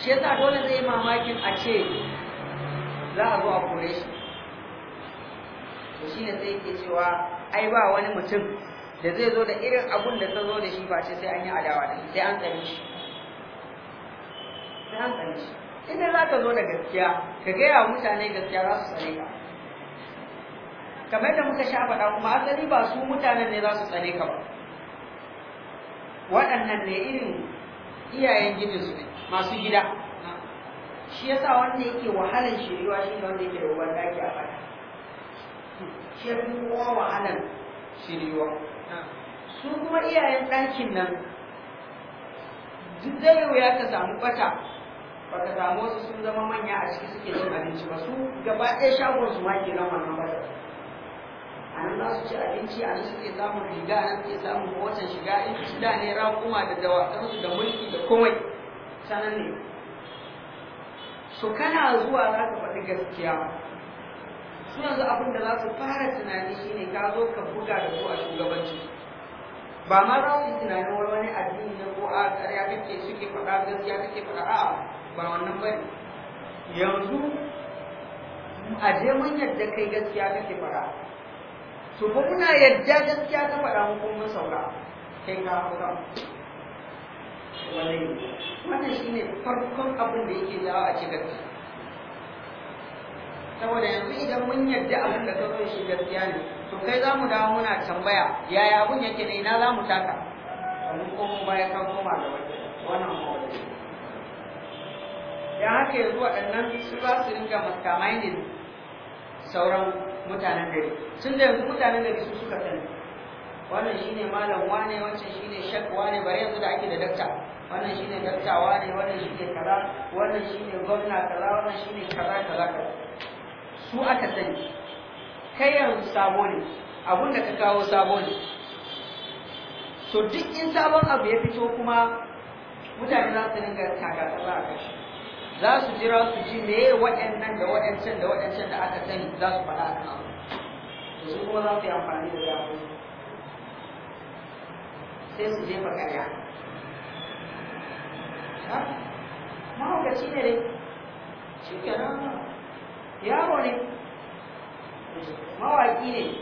shi yasa dole zai yi mamakin a ce za a zo a kore shi to shi ne sai ke cewa ai ba wani mutum da zai zo da irin abun da ta zo da shi face sai an yi adawa da sai an tsare shi sai an tsare shi Inda za ka zo da gaskiya ka gaya wa mutane gaskiya za su tsare ka kamar da muka sha faɗa kuma asali ba su mutanen ne za su tsare ka ba waɗannan ne irin iyayen gidansu ne masu gida shi yasa wanda yake wahalar shiriwa shi ne wanda yake da uban daki a fata shi ya fi kowa wahalar shiriwa su kuma iyayen ɗakin nan duk zai wuya ka samu bata ba ka samu wasu sun zama manya a ciki suke cin abinci ba su gaba ɗaya shagon su ma ke nan wannan bata nan za su ci abinci a nan suke samun riga nan suke samun motar shiga in su da ne raƙuma da dawakansu da mulki da komai sanan ne so kana zuwa za ka faɗi gaskiya su yanzu abin da za su fara tunani shine ka zo ka buga da su a shugabanci ba ma za su yi tunanin wani wani addini na ko a ƙarya kake suke faɗa gaskiya kake faɗa a ba wannan ba yanzu a je mun yadda kai gaskiya kake faɗa to ko muna yadda gaskiya ta faɗa mu kuma saura kai ka haura wallahi wannan shine farkon abin da yake jawo a cikin saboda yanzu idan mun yadda abin da ka zo shi gaskiya ne to kai za mu dawo muna tambaya yaya abin yake ne ina za mu taka wani komo baya kan koma da wannan mawali da haka yanzu waɗannan su za su ringa ne sauran mutanen gari tun da yanzu mutanen gari su suka sani wannan shine malam wane wancan shine shak wane bari yanzu da ake da dakta wannan shine dakta wane wannan shine kaza wannan shine gwamna kaza wannan shine kaza kaza kaza su aka sani kai yanzu sabo ne abun da ka kawo sabo ne so duk in sabon abu ya fito kuma mutane za su dinga takatsa a kashi za su jira su ji me waɗannan da waɗancan da waɗancan da aka sani za su faɗa a kan to su kuma za su yi amfani da yawon sai su jefa ƙarya mahaukaci ne dai shi kenan yaro ne mawaƙi ne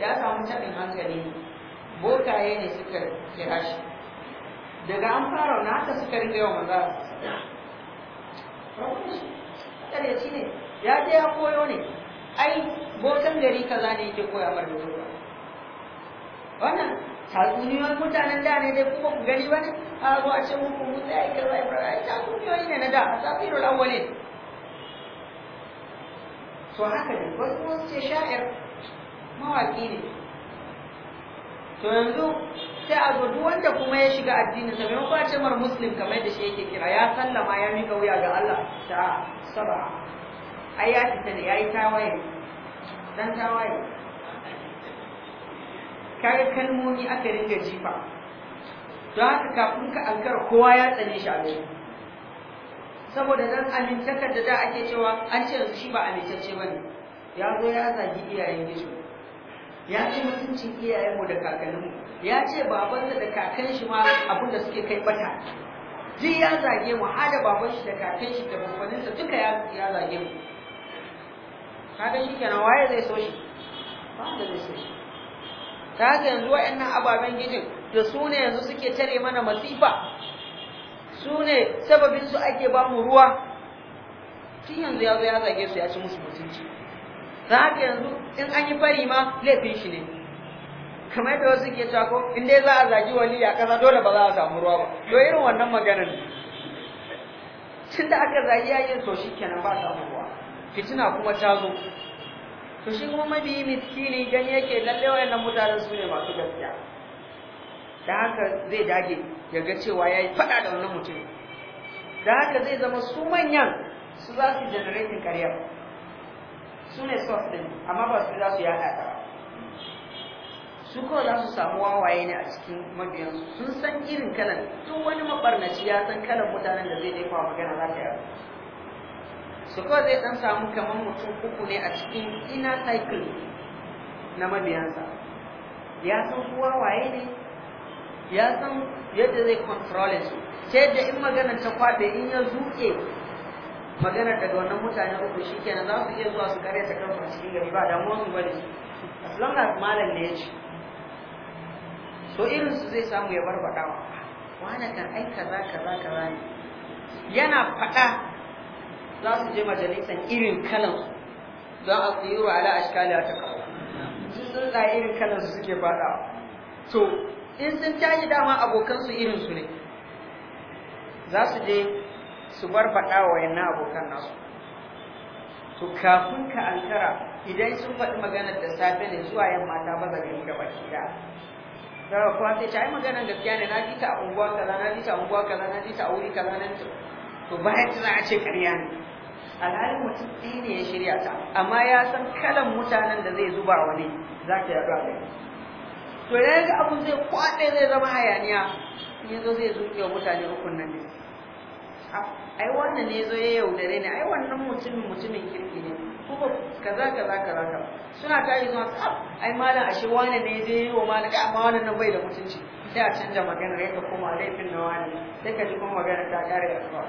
ya samu taɓin hankali bokaye ne suka kira shi daga an fara na aka suka rinka yawan manzara ƙaryaci ne ya je ya koyo ne ai botan gari kaza ne yake koya mar da wannan tatsuniyoyin mutanen da ne dai kuma ku gani wani abu a ce muku mutu ya kai ya fara ai tatsuniyoyi ne na da a tsafirar wani to haka ne wasu wasu ce sha'ir mawaƙi ne to yanzu sai a zo wanda kuma ya shiga addinin sa mai kwace mara mar muslim kamar da shi yake kira ya sallama ya mika wuya ga Allah ta saba ai ya fita ne yayi tawaye dan tawaye kaga kalmomi aka ringa jifa don haka kafin ka ankar kowa ya tsane shi a gari saboda dan amintakar da da ake cewa an ce shi ba amintacce ba ne ya zo ya zagi iyayen gizo ya ce mutuncin iyayenmu da kakanninmu ya ce babansa da kakan shi ma abin da suke kai bata ji ya zage mu har da baban shi da kakan shi da babbaninsa duka ya ya zage mu kaga shi kenan waye zai so shi ba da zai so shi ta yanzu waɗannan ababen gidin da su ne yanzu suke tare mana masifa su ne sababin su ake ba mu ruwa tun yanzu ya zo ya zage su ya ci musu mutunci za haka yanzu in an yi fari ma laifin shi ne kamar yadda wasu ke cewa ko in dai za a zagi wani a ƙasa dole ba za a samu ruwa ba to irin wannan maganar tunda aka zagi yi to shi kenan ba samu ruwa fitina kuma ta zo to shi kuma mabiyi miskini gani yake lalle nan mutanen su ne masu gaskiya da haka zai dage ya ga cewa ya yi faɗa da wannan mutum da haka zai zama su manyan su za su generating karyar su ne soft din amma ba su za su yada ta su kawai za su samu wawaye ne a cikin mabiyan sun san irin kalan tun wani mabarnaci ya san kalan mutanen da zai dai kwa magana za ta yi su kawai zai dan samu kamar mutum uku ne a cikin ina cycle na mabiyansa ya san kuwa wawaye ne ya san yadda zai control su sai da in magana ta kwabe in ya zuke maganar daga wannan mutane uku shi kenan za su iya zuwa su kare ta kan cikin gari ba damuwar su bane as long as malam ne ya ci so irin su zai samu ya barbada wa wani kan ai kaza kaza kaza ne yana faɗa za su je majalisan irin kalan don a tsiro ala ashkali a takawa su da irin kalan su suke faɗawa so in sun tashi dama abokansu irin su ne za su je su barbaɗa wa yana abokan nasu to kafin ka alkara idan sun faɗi maganar da safe ne zuwa yamma ta maza ne da baki da daga kuma sai ta yi maganar gaskiya ne na ji ta a unguwa kaza na ji ta a unguwa kaza na ji ta a wuri kaza na ji to bayan ta za a ce ƙarya ne alhalin mutum ɗaya ne ya shirya ta amma ya san kalan mutanen da zai zuba wani za ka yi a gari to da ga abun zai kwaɗe zai zama hayaniya yanzu zai zuƙe wa mutane hukunan nan ne ai wannan ne zo ya yaudare ni ai wannan mutumin mutumin kirki ne kuma kaza kaza kaza ka suna ta yi zuwa tsaf ai malam ashe wani ne zai yi wa malam kai amma wannan bai da mutunci sai a canja ya ka kuma laifin na wani sai ka ji kuma maganar ta kare yasuwa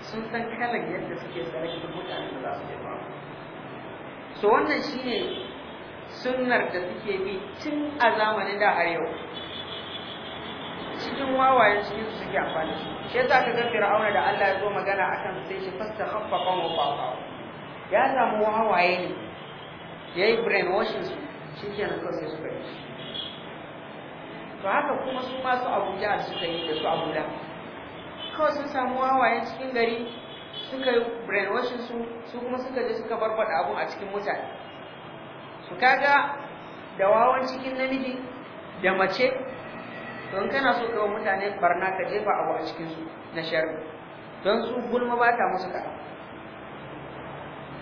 sun san kalan yadda suke tsare da mutane da za su je ba so wannan shine sunnar da suke bi tun a zamanin da har yau cikin wawayen cikin su suke amfani shi yasa ka ga fir'auna da Allah ya zo magana akan sai shi fasta khaffa qawmu fa'a ya samu wawaye ne yayi brain washing su shikenan kawai sai suka yi to haka kuma su ma su Abu Jahl suka yi da su Abu Lahab kawai sun samu wawaye cikin gari suka yi brain washing su su kuma suka je suka barbada abun a cikin mutane su kaga da wawan cikin namiji da mace don kana so ka mutane barna ka jefa abu a cikinsu na sharri don su gulma ba ta musu kaɗan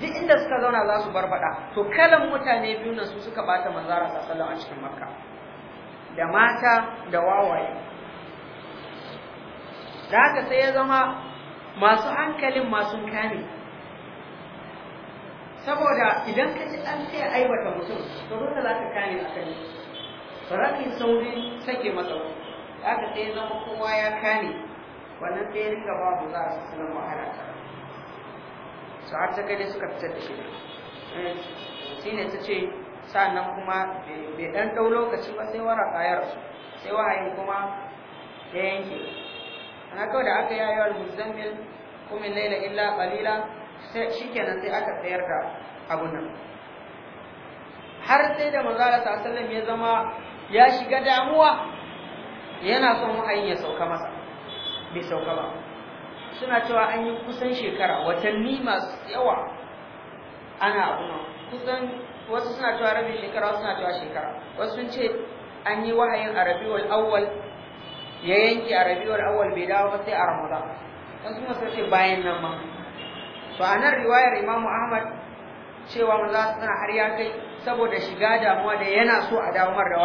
duk inda suka zauna za su barbaɗa to kalan mutane biyu na su suka bata manzara sallan a cikin makka da mata da wawaye da haka sai ya zama masu hankalin masu kame saboda idan ka ci an sai aibata mutum to dole za ka kame a kan ba sauri ka sake masa ba aka sai zama kowa ya kane wannan sai ringa babu za su suna wahala ta su har saka ne suka fitar da shi eh, shi ne ta ce sa'annan kuma bai ɗan ɗau lokaci ba sai wara ƙayar sai wahayin kuma ya yanke ana kawai da aka yi ayyuwar muzammil kumin laila illa qalila shi kenan sai aka tsayar da abun nan har sai da manzala ta sallam ya zama ya shiga damuwa yana son wahayin ya sauka masa bai sauka ba suna cewa an yi kusan shekara watanni masu yawa ana abu kusan wasu suna cewa rabin shekara wasu suna cewa shekara wasu sun ce an yi wahayin a rabiul awwal ya yanke a rabiul awwal bai dawo ba sai a ramadan wasu kuma sun ce bayan nan ma to a nan riwayar imamu ahmad cewa maza suna har ya kai saboda shiga damuwa da yana so a dawo mar da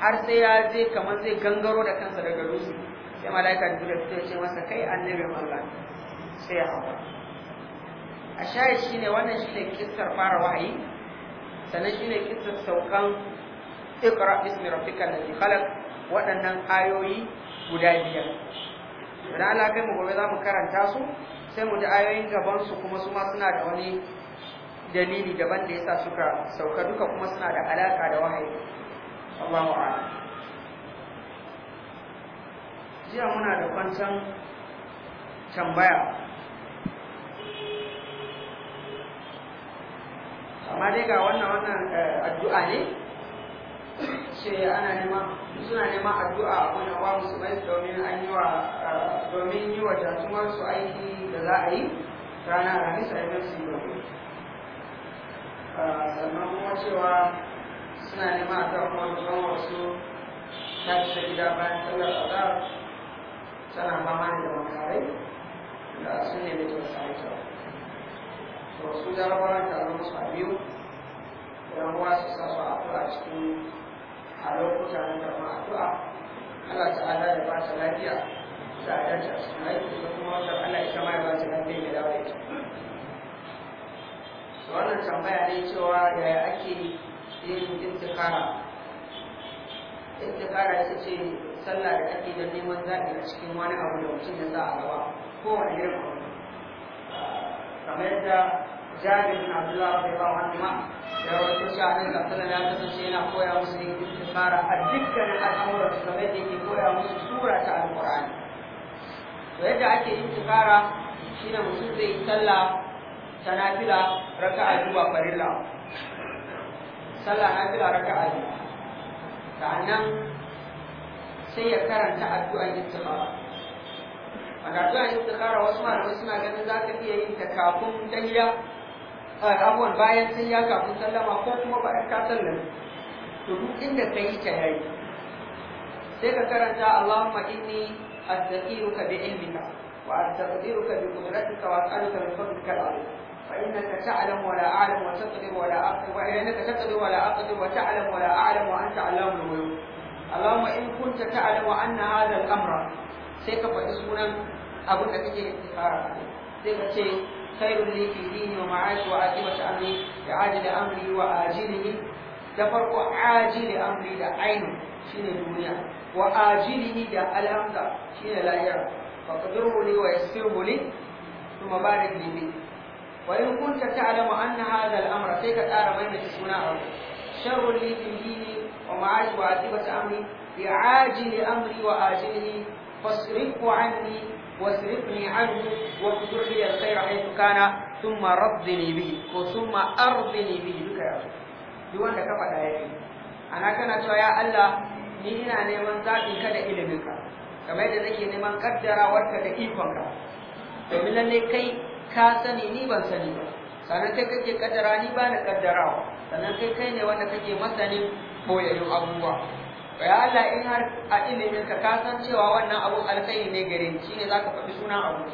har sai ya je kamar zai gangaro da kansa daga rusi sai malaika da dole ta ce masa kai annabi Allah sai ya hawa a shayi shine wannan shine kissar fara wahayi sannan shine kissar saukan iqra bismi rabbikal ladhi khalaq waɗannan ayoyi guda biyar idan Allah kai mu gobe za mu karanta su sai mu ji ayoyin gaban su kuma su ma suna da wani dalili daban da yasa suka sauka duka kuma suna da alaka da wahayi Allahu a'lam jiya muna da kwancan tambaya amma dai ga wannan wannan eh, addu'a ne ce ana nema suna nema addu'a a wannan wa musulmai domin an yi wa eh, domin yi wa jatumarsu aiki da za a yi ranar alhamis a yi masu yi sannan kuma cewa suna neman a kan ruwan wasu ta fita gida bayan sallar azhar tana fama da makarai da su ne da wasu aita to su jarabawa ta zama su a biyu da uwa su sa su a cikin a lokuta na karɓar addu'a Allah ta'ala ya ba ta lafiya ta adalci ta cikin aiki da kuma wata Allah ita ma ya ba ta lafiya ya dawo ita wannan tambaya ne cewa yaya ake yin intikara intikara ita ce sallah da ake don neman zaɓi a cikin wani abu da mutum ya sa a gaba wani irin abu kamar yadda jabir bin abdullah bai ba wani ma da a shahin kafin ya kasance yana koya musu yin intikara a dukkanin al'amuran su kamar yadda yake koya musu sura ta alƙur'ani to yadda ake intikara shine mutum zai yi sallah sanafila raka raka'a biyu farilla sallah a raka'a biyu sa'annan sai ya karanta A istikhara wanda addu'ar istikhara wasu malamai suna ganin za ka iya yin ta kafin a abubuwan bayan tahiyya kafin sallama ko kuma bayan ka sallama to duk inda ka yi ta yayi sai ka karanta Allahumma inni astaghfiruka bi ilmika wa astaghfiruka bi qudratika wa as'aluka min fadlika al فإنك تعلم ولا أعلم وتقدر ولا أقدر وإنك تقدر ولا أقدر وتعلم ولا أعلم وأنت علام الغيوب اللهم إن كنت تعلم أن هذا الأمر سيكفى اسمنا أبوك تجي استخارة سيكفى خير لي في ديني ومعاشي وعاقبة أمري بعاجل أمري وآجله da farko ajili amri da ainu shine duniya wa ajilihi da alhamda shine lahira fa qadruhu li wa yassiru li thumma barik li wa in kunta ta'lamu anna hadha al-amra sai ka tsara mai mace suna abu sharrun li dini wa ma'aj wa atibata amri bi ajili amri wa ajilihi fasrifu anni wasrifni anhu wa tudur li al-khair haythu kana thumma raddini bihi ko thumma ardini bihi duka ya duk wanda ka faɗa yake ana kana cewa ya Allah ni ina neman zaɓin ka da iliminka kamar yadda nake neman kaddarawarka da ikonka domin lallai kai ka sani ni ban sani ba sannan kai kake kaddara ni ba na kaddarawa sannan kai kai ne wanda kake masanin boyayyun abubuwa ya Allah in har a ilimin ka san cewa wannan abun alkhairi ne gare ni shine zaka faɗi sunan abu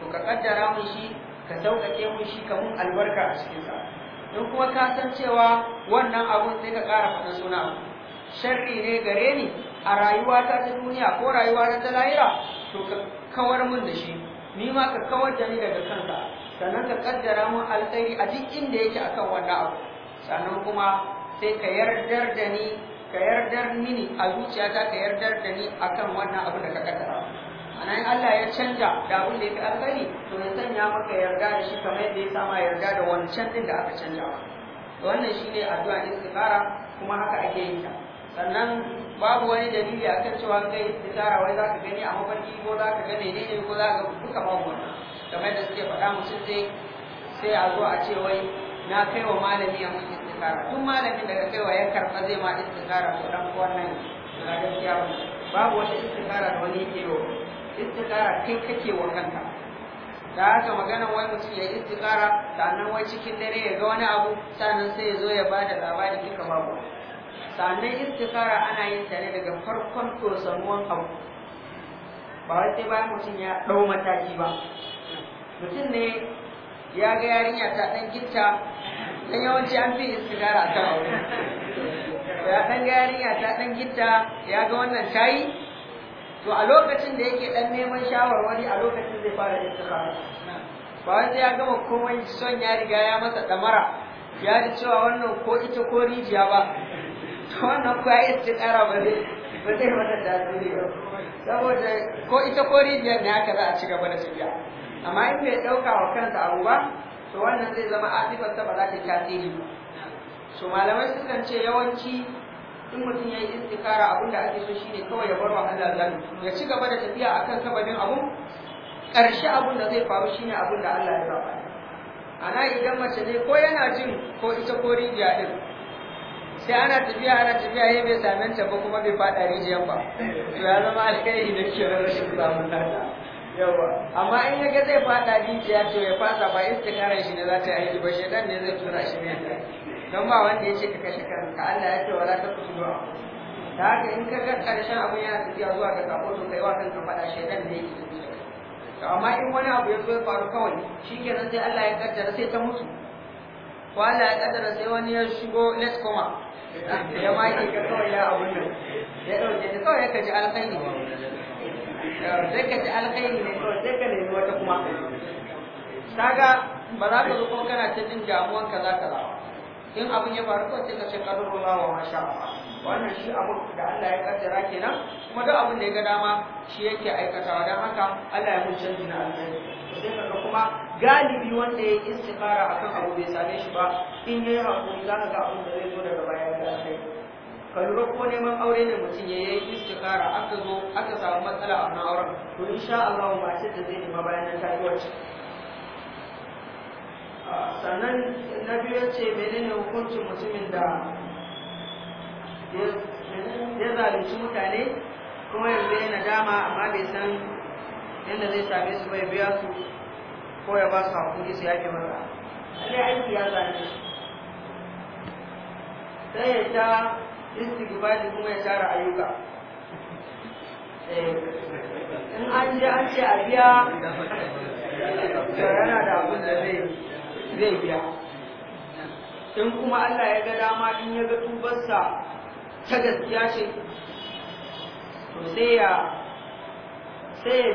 to ka kaddara mun shi ka sauƙaƙe mun shi ka mun albarka a cikin sa in kuma ka san cewa wannan abun sai ka ƙara faɗin sunan sharri ne gare ni a rayuwata ta duniya ko rayuwa ta lahira to ka kawar mun da shi ni ma ka kawar da ni daga kanka sannan ka kaddara mun alƙairi a duk inda yake akan wannan abu sannan kuma sai ka yardar da ni ka yardar mini a zuciyata ka yardar da ni akan wannan abu da ka kaddara ana in Allah ya canja da abin da yake alƙairi to ya sanya maka yarda da shi kamar yadda ya sama yarda da wancan din da aka canja wannan ne addu'a istikhara kuma haka ake yin ta sannan babu wani dalili a kan cewa kai isara wai za ka gani a mafarki ko za ka ga ne ko za ka duka babu wannan kamar da suke faɗa mutum sai sai a zo a ce wai na kai wa malami ya mun istikara duk malamin daga kai wa ya karɓa zai ma istikara to dan wannan ba gaskiya ba babu wani istikara da wani yake yi istikara kai kake wa kanka da haka magana wai mutum ya istikara sannan wai cikin dare ya ga wani abu sannan sai ya zo ya bada labari duka babu sannan istikara ana yin ta ne daga farkon tosamuwan abu ba wai sai bayan mutum ya ɗau mataki ba mutum ne ya ga yarinya ta ɗan gitta dan yawanci an fi istikara ta aure ya ɗan ga yarinya ta ɗan gitta ya ga wannan tayi to a lokacin da yake ɗan neman shawarwari a lokacin zai fara istikara ba wai sai ya gama komai son ya riga ya masa ɗamara ya ji cewa wannan ko ita ko rijiya ba wannan kuwa ya ci ƙara ba zai mata tasiri ba saboda ko ita ko rijiyar ne haka za a ci gaba da tafiya amma in bai ɗauka wa kansa abu ba to wannan zai zama asifarsa ba za ta yi tasiri ba so malamai sukan ce yawanci in mutum ya yi istikara abin da ake so shine kawai ya bar wa Allah zalu ya ci gaba da tafiya akan sababin abu ƙarshe abin da zai faru shine abin da Allah ya zaba ana idan mace ne ko yana jin ko ita ko rijiya din sai ana tafiya ana tafiya ya bai same ta ba kuma bai fada rijiyar ba to ya zama alkhairi da ke rashin samun nata yawa amma in ga zai fada rijiya to ya fasa ba istikarar shi ne za ta yi ba shedan ne zai tura shi ne don ba wanda ya ce ka kashe kanka Allah ya ce wala ta taqtulu da haka in ka ga karshen abun yana tafiya zuwa ga kafo to kai wa kanka fada shedan ne yake to amma in wani abu ya zo ya faru kawai shikenan sai Allah ya kaddara sai ta mutu ko Allah ya kaddara sai wani ya shigo let's come ya maki ka kawai ya abu nan ya ɗauke ta kawai ka ji alkhairi sai ka ji alkhairi ne kawai sai ka nemi wata kuma kaga ba za ka zo kuma kana ta jin damuwan kaza kaza in abin ya faru kawai sai ka ce kadarullah wa masha Allah wannan shi abu da Allah ya kaddara kenan kuma duk abin da ya ga dama shi yake aikatawa don haka Allah ya mun canji na alheri sai kaga kuma galibi wanda ya yi istikara akan abu bai same shi ba in yayi hakuri za ka ga abin da zai zo daga baya ga kai ka lura ko neman aure ne mutum ya yi istikara aka zo aka samu matsala a wannan auren to insha Allah ba shi da zai nema bayan ta yi wacce ah, sannan na biyu ya ce menene hukuncin mutumin da ya zalunci mutane kuma yanzu yana dama amma bai san yadda zai same su bai biya su ko ya ba su hakuri su yake mara sai aiki ya zalunci sai ya ta istigbali kuma ya tara ayyuka eh, in an je an ce a biya yana da abin da zai biya in kuma Allah ya ga dama in ya ga tubarsa ta gaskiya ce to sai ya sai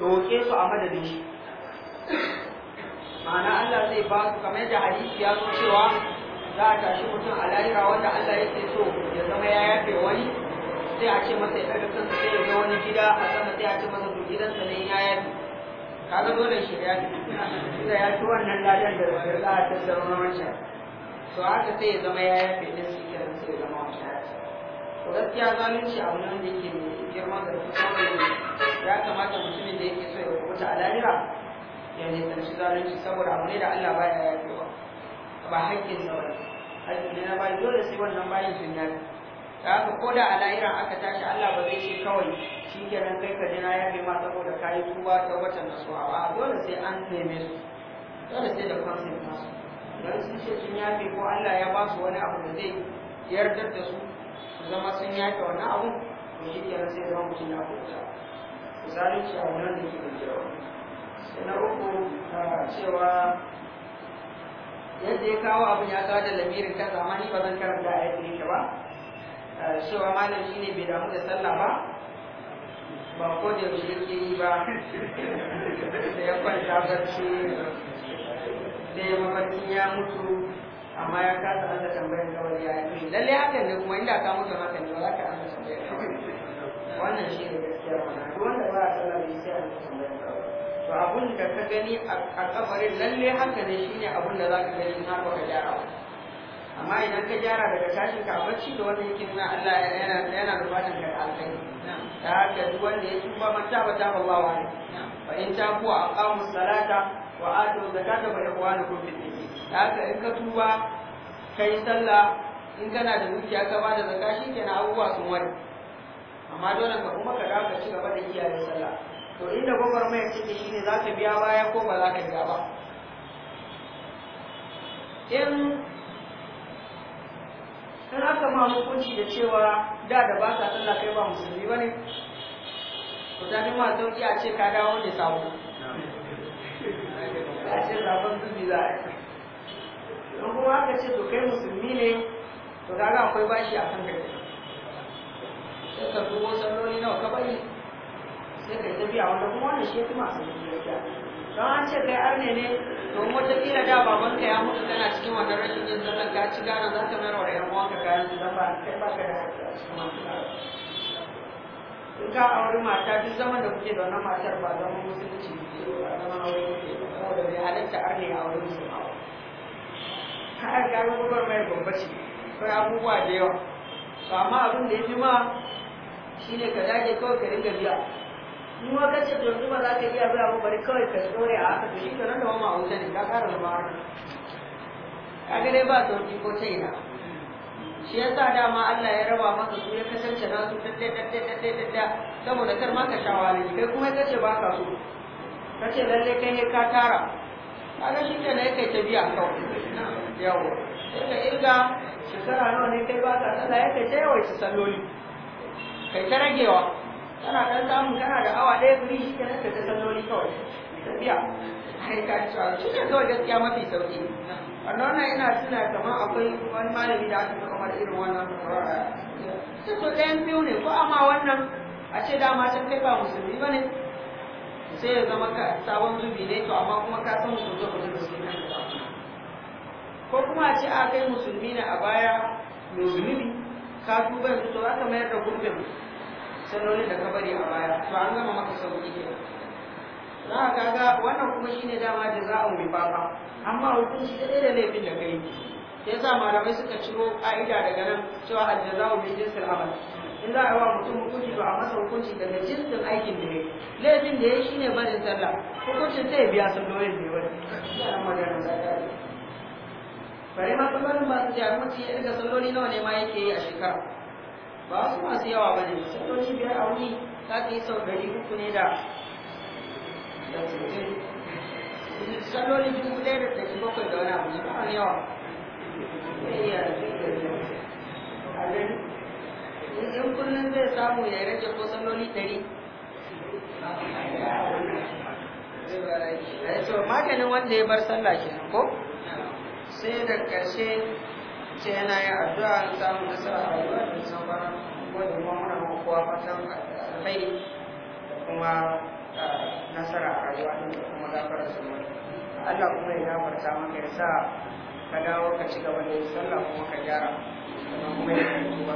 roƙe su a madadin shi ma'ana Allah zai ba su kamar yadda hadisi ya zo cewa za a tashi mutum a lahira wanda Allah yake so ya zama ya yafe wani sai a ce masa ya ɗaga kansa sai ya zo wani gida a sama sai a ce masa to gidansa ne ya yafe ka ga dole shi ya yafe tunda ya ci wannan ladan da za a tattara wancan to haka sai ya zama ya yafe ɗin shi kenan zai gaskiya zalunci abu da yake mai girma da ya kamata mutumin da yake so ya rubuta a ya zalunci saboda da Allah baya ba haƙƙin na bayi dole sai wannan a aka tashi Allah ba zai ce kawai shi kenan kai ka ma saboda ka yi ta watan ba dole sai an neme su dole sai da sun ce sun ko Allah ya ba su wani abu da zai yardar da su su zama sun yaƙi wannan abu mai shi kenan sai zama mutum ya kuta ce a wannan da ke da yawa sai na uku cewa yadda ya kawo abin ya kawo da lamirin kan zamani ba zan karanta a yadda yake ba cewa malam shi ne bai damu da sallah ba ba ko da yaushe yake yi ba da ya kwanta barci da ya mafarki ya mutu amma ya kasa ansa tambayar da wani yayi mishi lalle hakan ne kuma inda ka mutu hakan ne ba za ka ansa tambayar wannan shi ne gaskiya wannan duk wanda ba a sallah bai sai ansa tambayar to abun da ka gani a kabarin lalle haka ne shine abun da za ka gani na ba ka gyara ba amma idan ka gyara daga tashin ka bacci da wannan yake nuna Allah yana yana rubatan ka alkai da haka duk wanda ya tuba man ba ta Allah wa ne fa in ta tabu aqamu salata wa atu zakata fa ikhwanukum fid din da haka in ka tuba ka yi sallah in kana da dukiya ka ba da zakka shi kenan abubuwa sun wani amma dole ka kuma ka dawo ka ci gaba da kiyaye sallah to inda gwagwarmayar take shi ne za ka biya baya ko ba za ka biya ba in in aka ma hukunci da cewa da da ba sa sallah kai ba musulmi ba ne to ta ma sauki a ce ka dawo da sabo a ce sabon zubi za a yi in kuma aka ce to kai musulmi ne to kaga akwai bashi a kan kai sai ka dubo salloli nawa ka bari sai ka yi tafiya wanda kuma wannan shi kuma fi masu gaskiya don an ce kai arne ne to wataƙila da baban babanka ya mutu kana cikin wannan rashin jin sallar ka ci gana za ka mayar wa ɗan uwanka kayan su ba kai ba ka da cikin wannan in ka auri mata duk zaman da kuke da wannan matar ba zaman musulunci ba zaman aure kuke ba saboda bai halatta arne a aure musulma ba har ga rubar mai bambaci akwai abubuwa da yawa to amma abin da ya fi ma shine ka dage kawai ka dinga biya Ni ma kace to yanzu ba za ka iya biya ba bari kawai ka tsore a haka to shi ke nan da wama a wuta ne ka ƙara zama haka kaga dai ba sauki ko ta ina shi yasa dama Allah ya raba maka su ya kasance na su dadda dadda dadda dadda saboda kar ma ka shawara kai kuma kace ba ka so ce lallai kai ne ka tara kaga shi ke ne kai ta biya kawai yawo inda inda shekara nawa ne kai ba ka sallah ya kai ta yawaita salloli kai ta ragewa kana dan samun kana da awa ɗaya kuri shi kenan kai ta salloli kawai tafiya ai ka ci shi ne kawai gaskiya mafi sauki wannan ina tuna kamar akwai wani malami da aka taɓa mara irin wannan kamar ta so ɗayan biyu ne ko amma wannan a ce dama can kai ba musulmi ba ne sai ya zama ka sabon zubi ne to amma kuma ka san musulmi ba da suke nan ko kuma a ce a kai musulmi ne a baya mai ka tuba yanzu to aka mayar da gurbin sanoni da ka bari a baya to an gama maka sauki ke za ka ga wannan kuma shine dama da za a mai baba amma hukunci da ɗaya da laifin da kai ya sa malamai suka ciro ƙa'ida daga nan cewa aljaza'u bi jinsil amal in za a yi wa mutum hukunci to a masa hukunci daga jinsin aikin da ya yi laifin da ya yi shine barin sallah hukuncin sai ya biya sallolin da ya bari bare ma ɓangaren masu mutu, ya daga salloli nawa ne ma yake yi a shekara ba su masu yawa ba ne salloli biyar a wuni za ka yi sau ɗari uku ne da da sittin salloli dubu ɗaya da ɗari bakwai da wani abu ne ba wani yawa in kullum zai samu ya rage ko salloli ɗari eh, maganin wanda ya bar sallah kenan ko sai da ƙarshe ce yana yi addu'a na samun nasara a rayuwa da sauran wadda kuma muna makuwa fatan alkhairi da kuma nasara a rayuwa da kuma gafarar su Allah kuma ya gafarta maka ya sa ka dawo ka ci gaba da yi sallah kuma ka gyara kuma kuma ya kai ba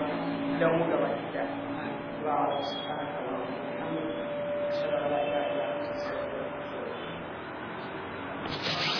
da mu gaba da Allah ya a wa ta'ala alhamdulillah sallallahu alaihi wa sallam